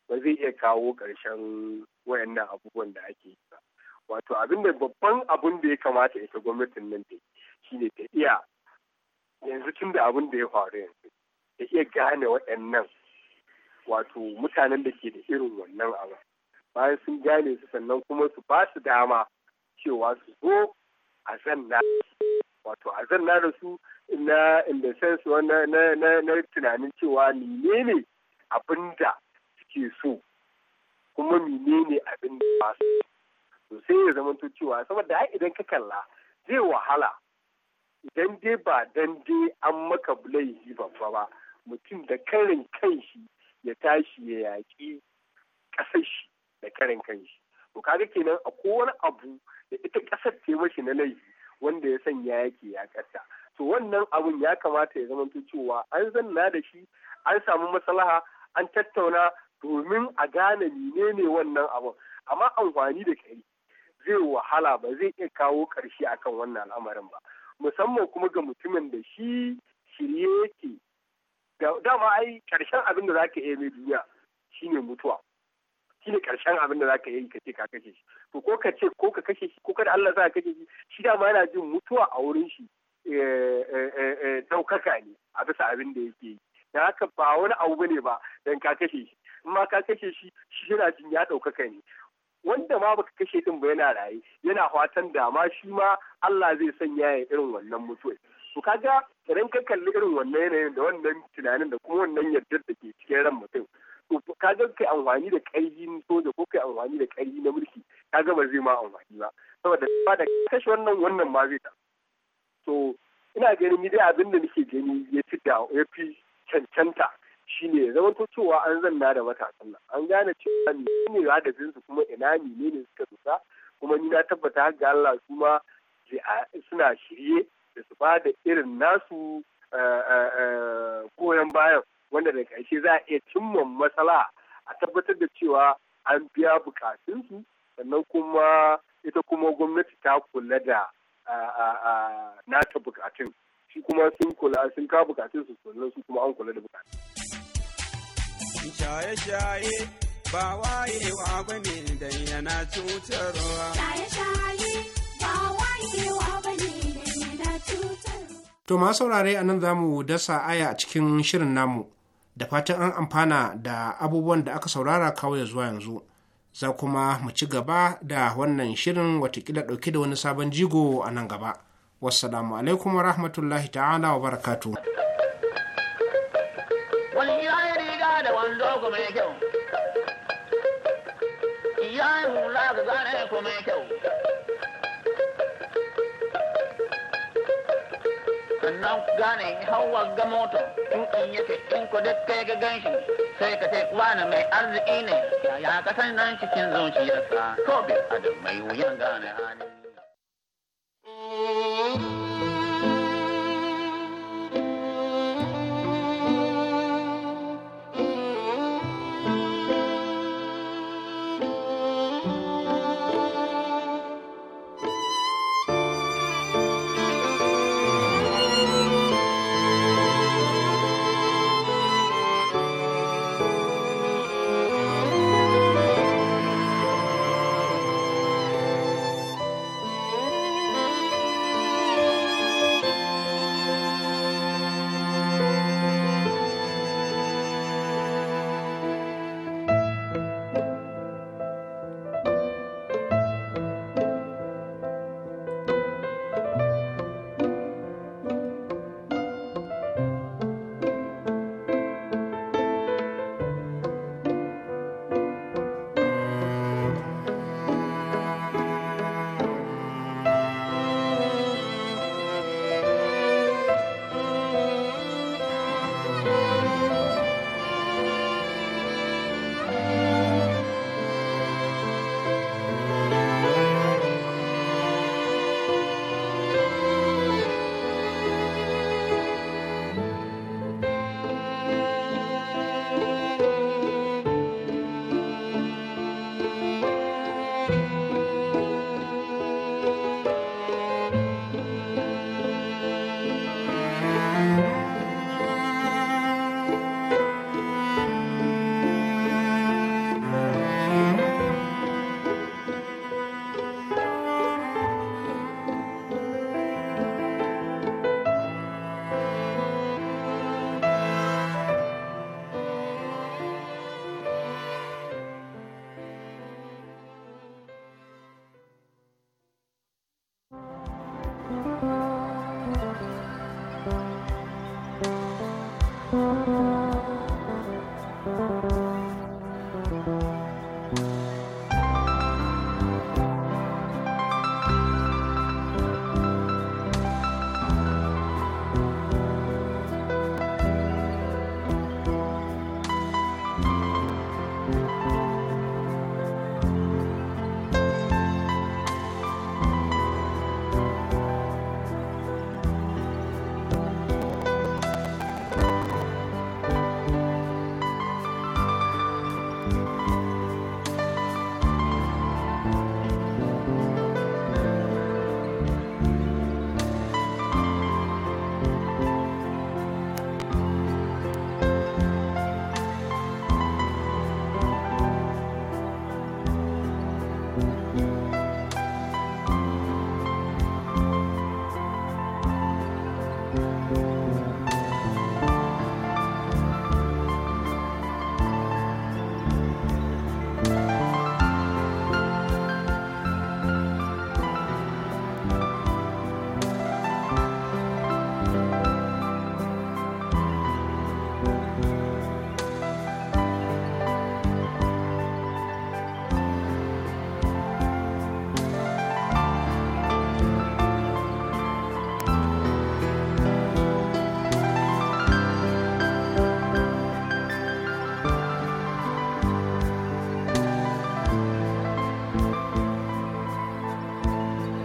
S11: ba zai iya kawo ƙarshen wayannan abubuwan da ake yi ba. Wato abin da babban abin da ya kamata ita gwamnatin nan da shi ne ta iya yanzu tun da abin da ya faru yanzu ta iya gane waɗannan wato mutanen da ke da irin wannan abu bayan sun gane su sannan kuma su ba su dama cewa su zo a zanna wato a zanna da su na in the sense na na tunanin cewa ne ne abin da suke so kuma ne ne abin da ba su to sai ya zama to cewa saboda ai idan ka kalla zai wahala idan dai ba dan dai an maka laifi babba ba mutum da karin kan shi ya tashi ya yaƙi ƙasar shi da karin kanshi to kaga kenan a kowane abu da ita ƙasar ce mashi na laifi wanda ya sanya yake ya ƙasa to wannan abun ya kamata ya zama cewa an zanna da shi an samu maslaha an tattauna domin a gane menene wannan abun amma amfani da kai zai wahala ba zai iya kawo ƙarshe akan wannan al'amarin ba musamman kuma ga mutumin da shi shirye yake dama ai karshen abin da zaka iya mai duniya shine mutuwa shine ƙarshen abin da zaka yi ka ce ka kashe shi to ko ka ce ko ka kashe shi ko kada Allah sa ka kashe shi shi dama yana jin mutuwa a wurin shi Daukaka eh, eh, eh, ne a bisa abin da yake yi da haka ba wani abu ne ba don ka kashe shi in ma ka kashe shi shi yana jin ya ɗaukaka ne wanda ma baka kashe din ba yana raye yana fatan da ma shi ma Allah zai sanya ya irin wannan mutuwa to kaga idan ka kalli irin wannan yanayin da wannan tunanin da kuma wannan yardar da ke cikin ran mutum to kaga kai amfani da ƙarfi soja ko kai amfani da ƙarfi na mulki kaga ba zai ma amfani ba saboda ba da kashe wannan wannan ma zai so ina ganin ni dai abin da nake gani ya fi da ya fi cancanta shine zaman cewa an zanna da matasan nan an gane cewa ne ne da su kuma ina ne ne suka dusa kuma ni na tabbata ga Allah su ma suna shirye da su bada irin nasu eh, eh, eh, goyon bayan wanda da ƙarshe za a iya cimma matsala a tabbatar da cewa an biya bukatunsu sannan kuma ita kuma gwamnati ta kula da na ta bukatun shi kuma sun kula sun ka bukatun su sannan su kuma an kula da bukatun.
S12: Shaye-shaye ba wayewa ba ne dan yana cutarwa.
S6: Shaye-shaye ba wayewa ba ne dan yana cutarwa.
S5: To ma saurare a nan za mu dasa aya a cikin shirin namu. Da fatan an amfana da abubuwan da aka saurara kawai zuwa yanzu. za kuma mu ci gaba da wannan shirin watakila ɗauke da wani sabon jigo a nan gaba wassalamu alaikum wa rahmatullahi ta'ala wa barakatu
S10: Ya yi hula ga zane ko kyau. nan gane hawa ga moto tukan yake in ku duk kai ga ganshi sai ka ce wani mai arziki ne ya ka san nan cikin zuciyarsa ko bi adam mai wuyan gane
S8: hali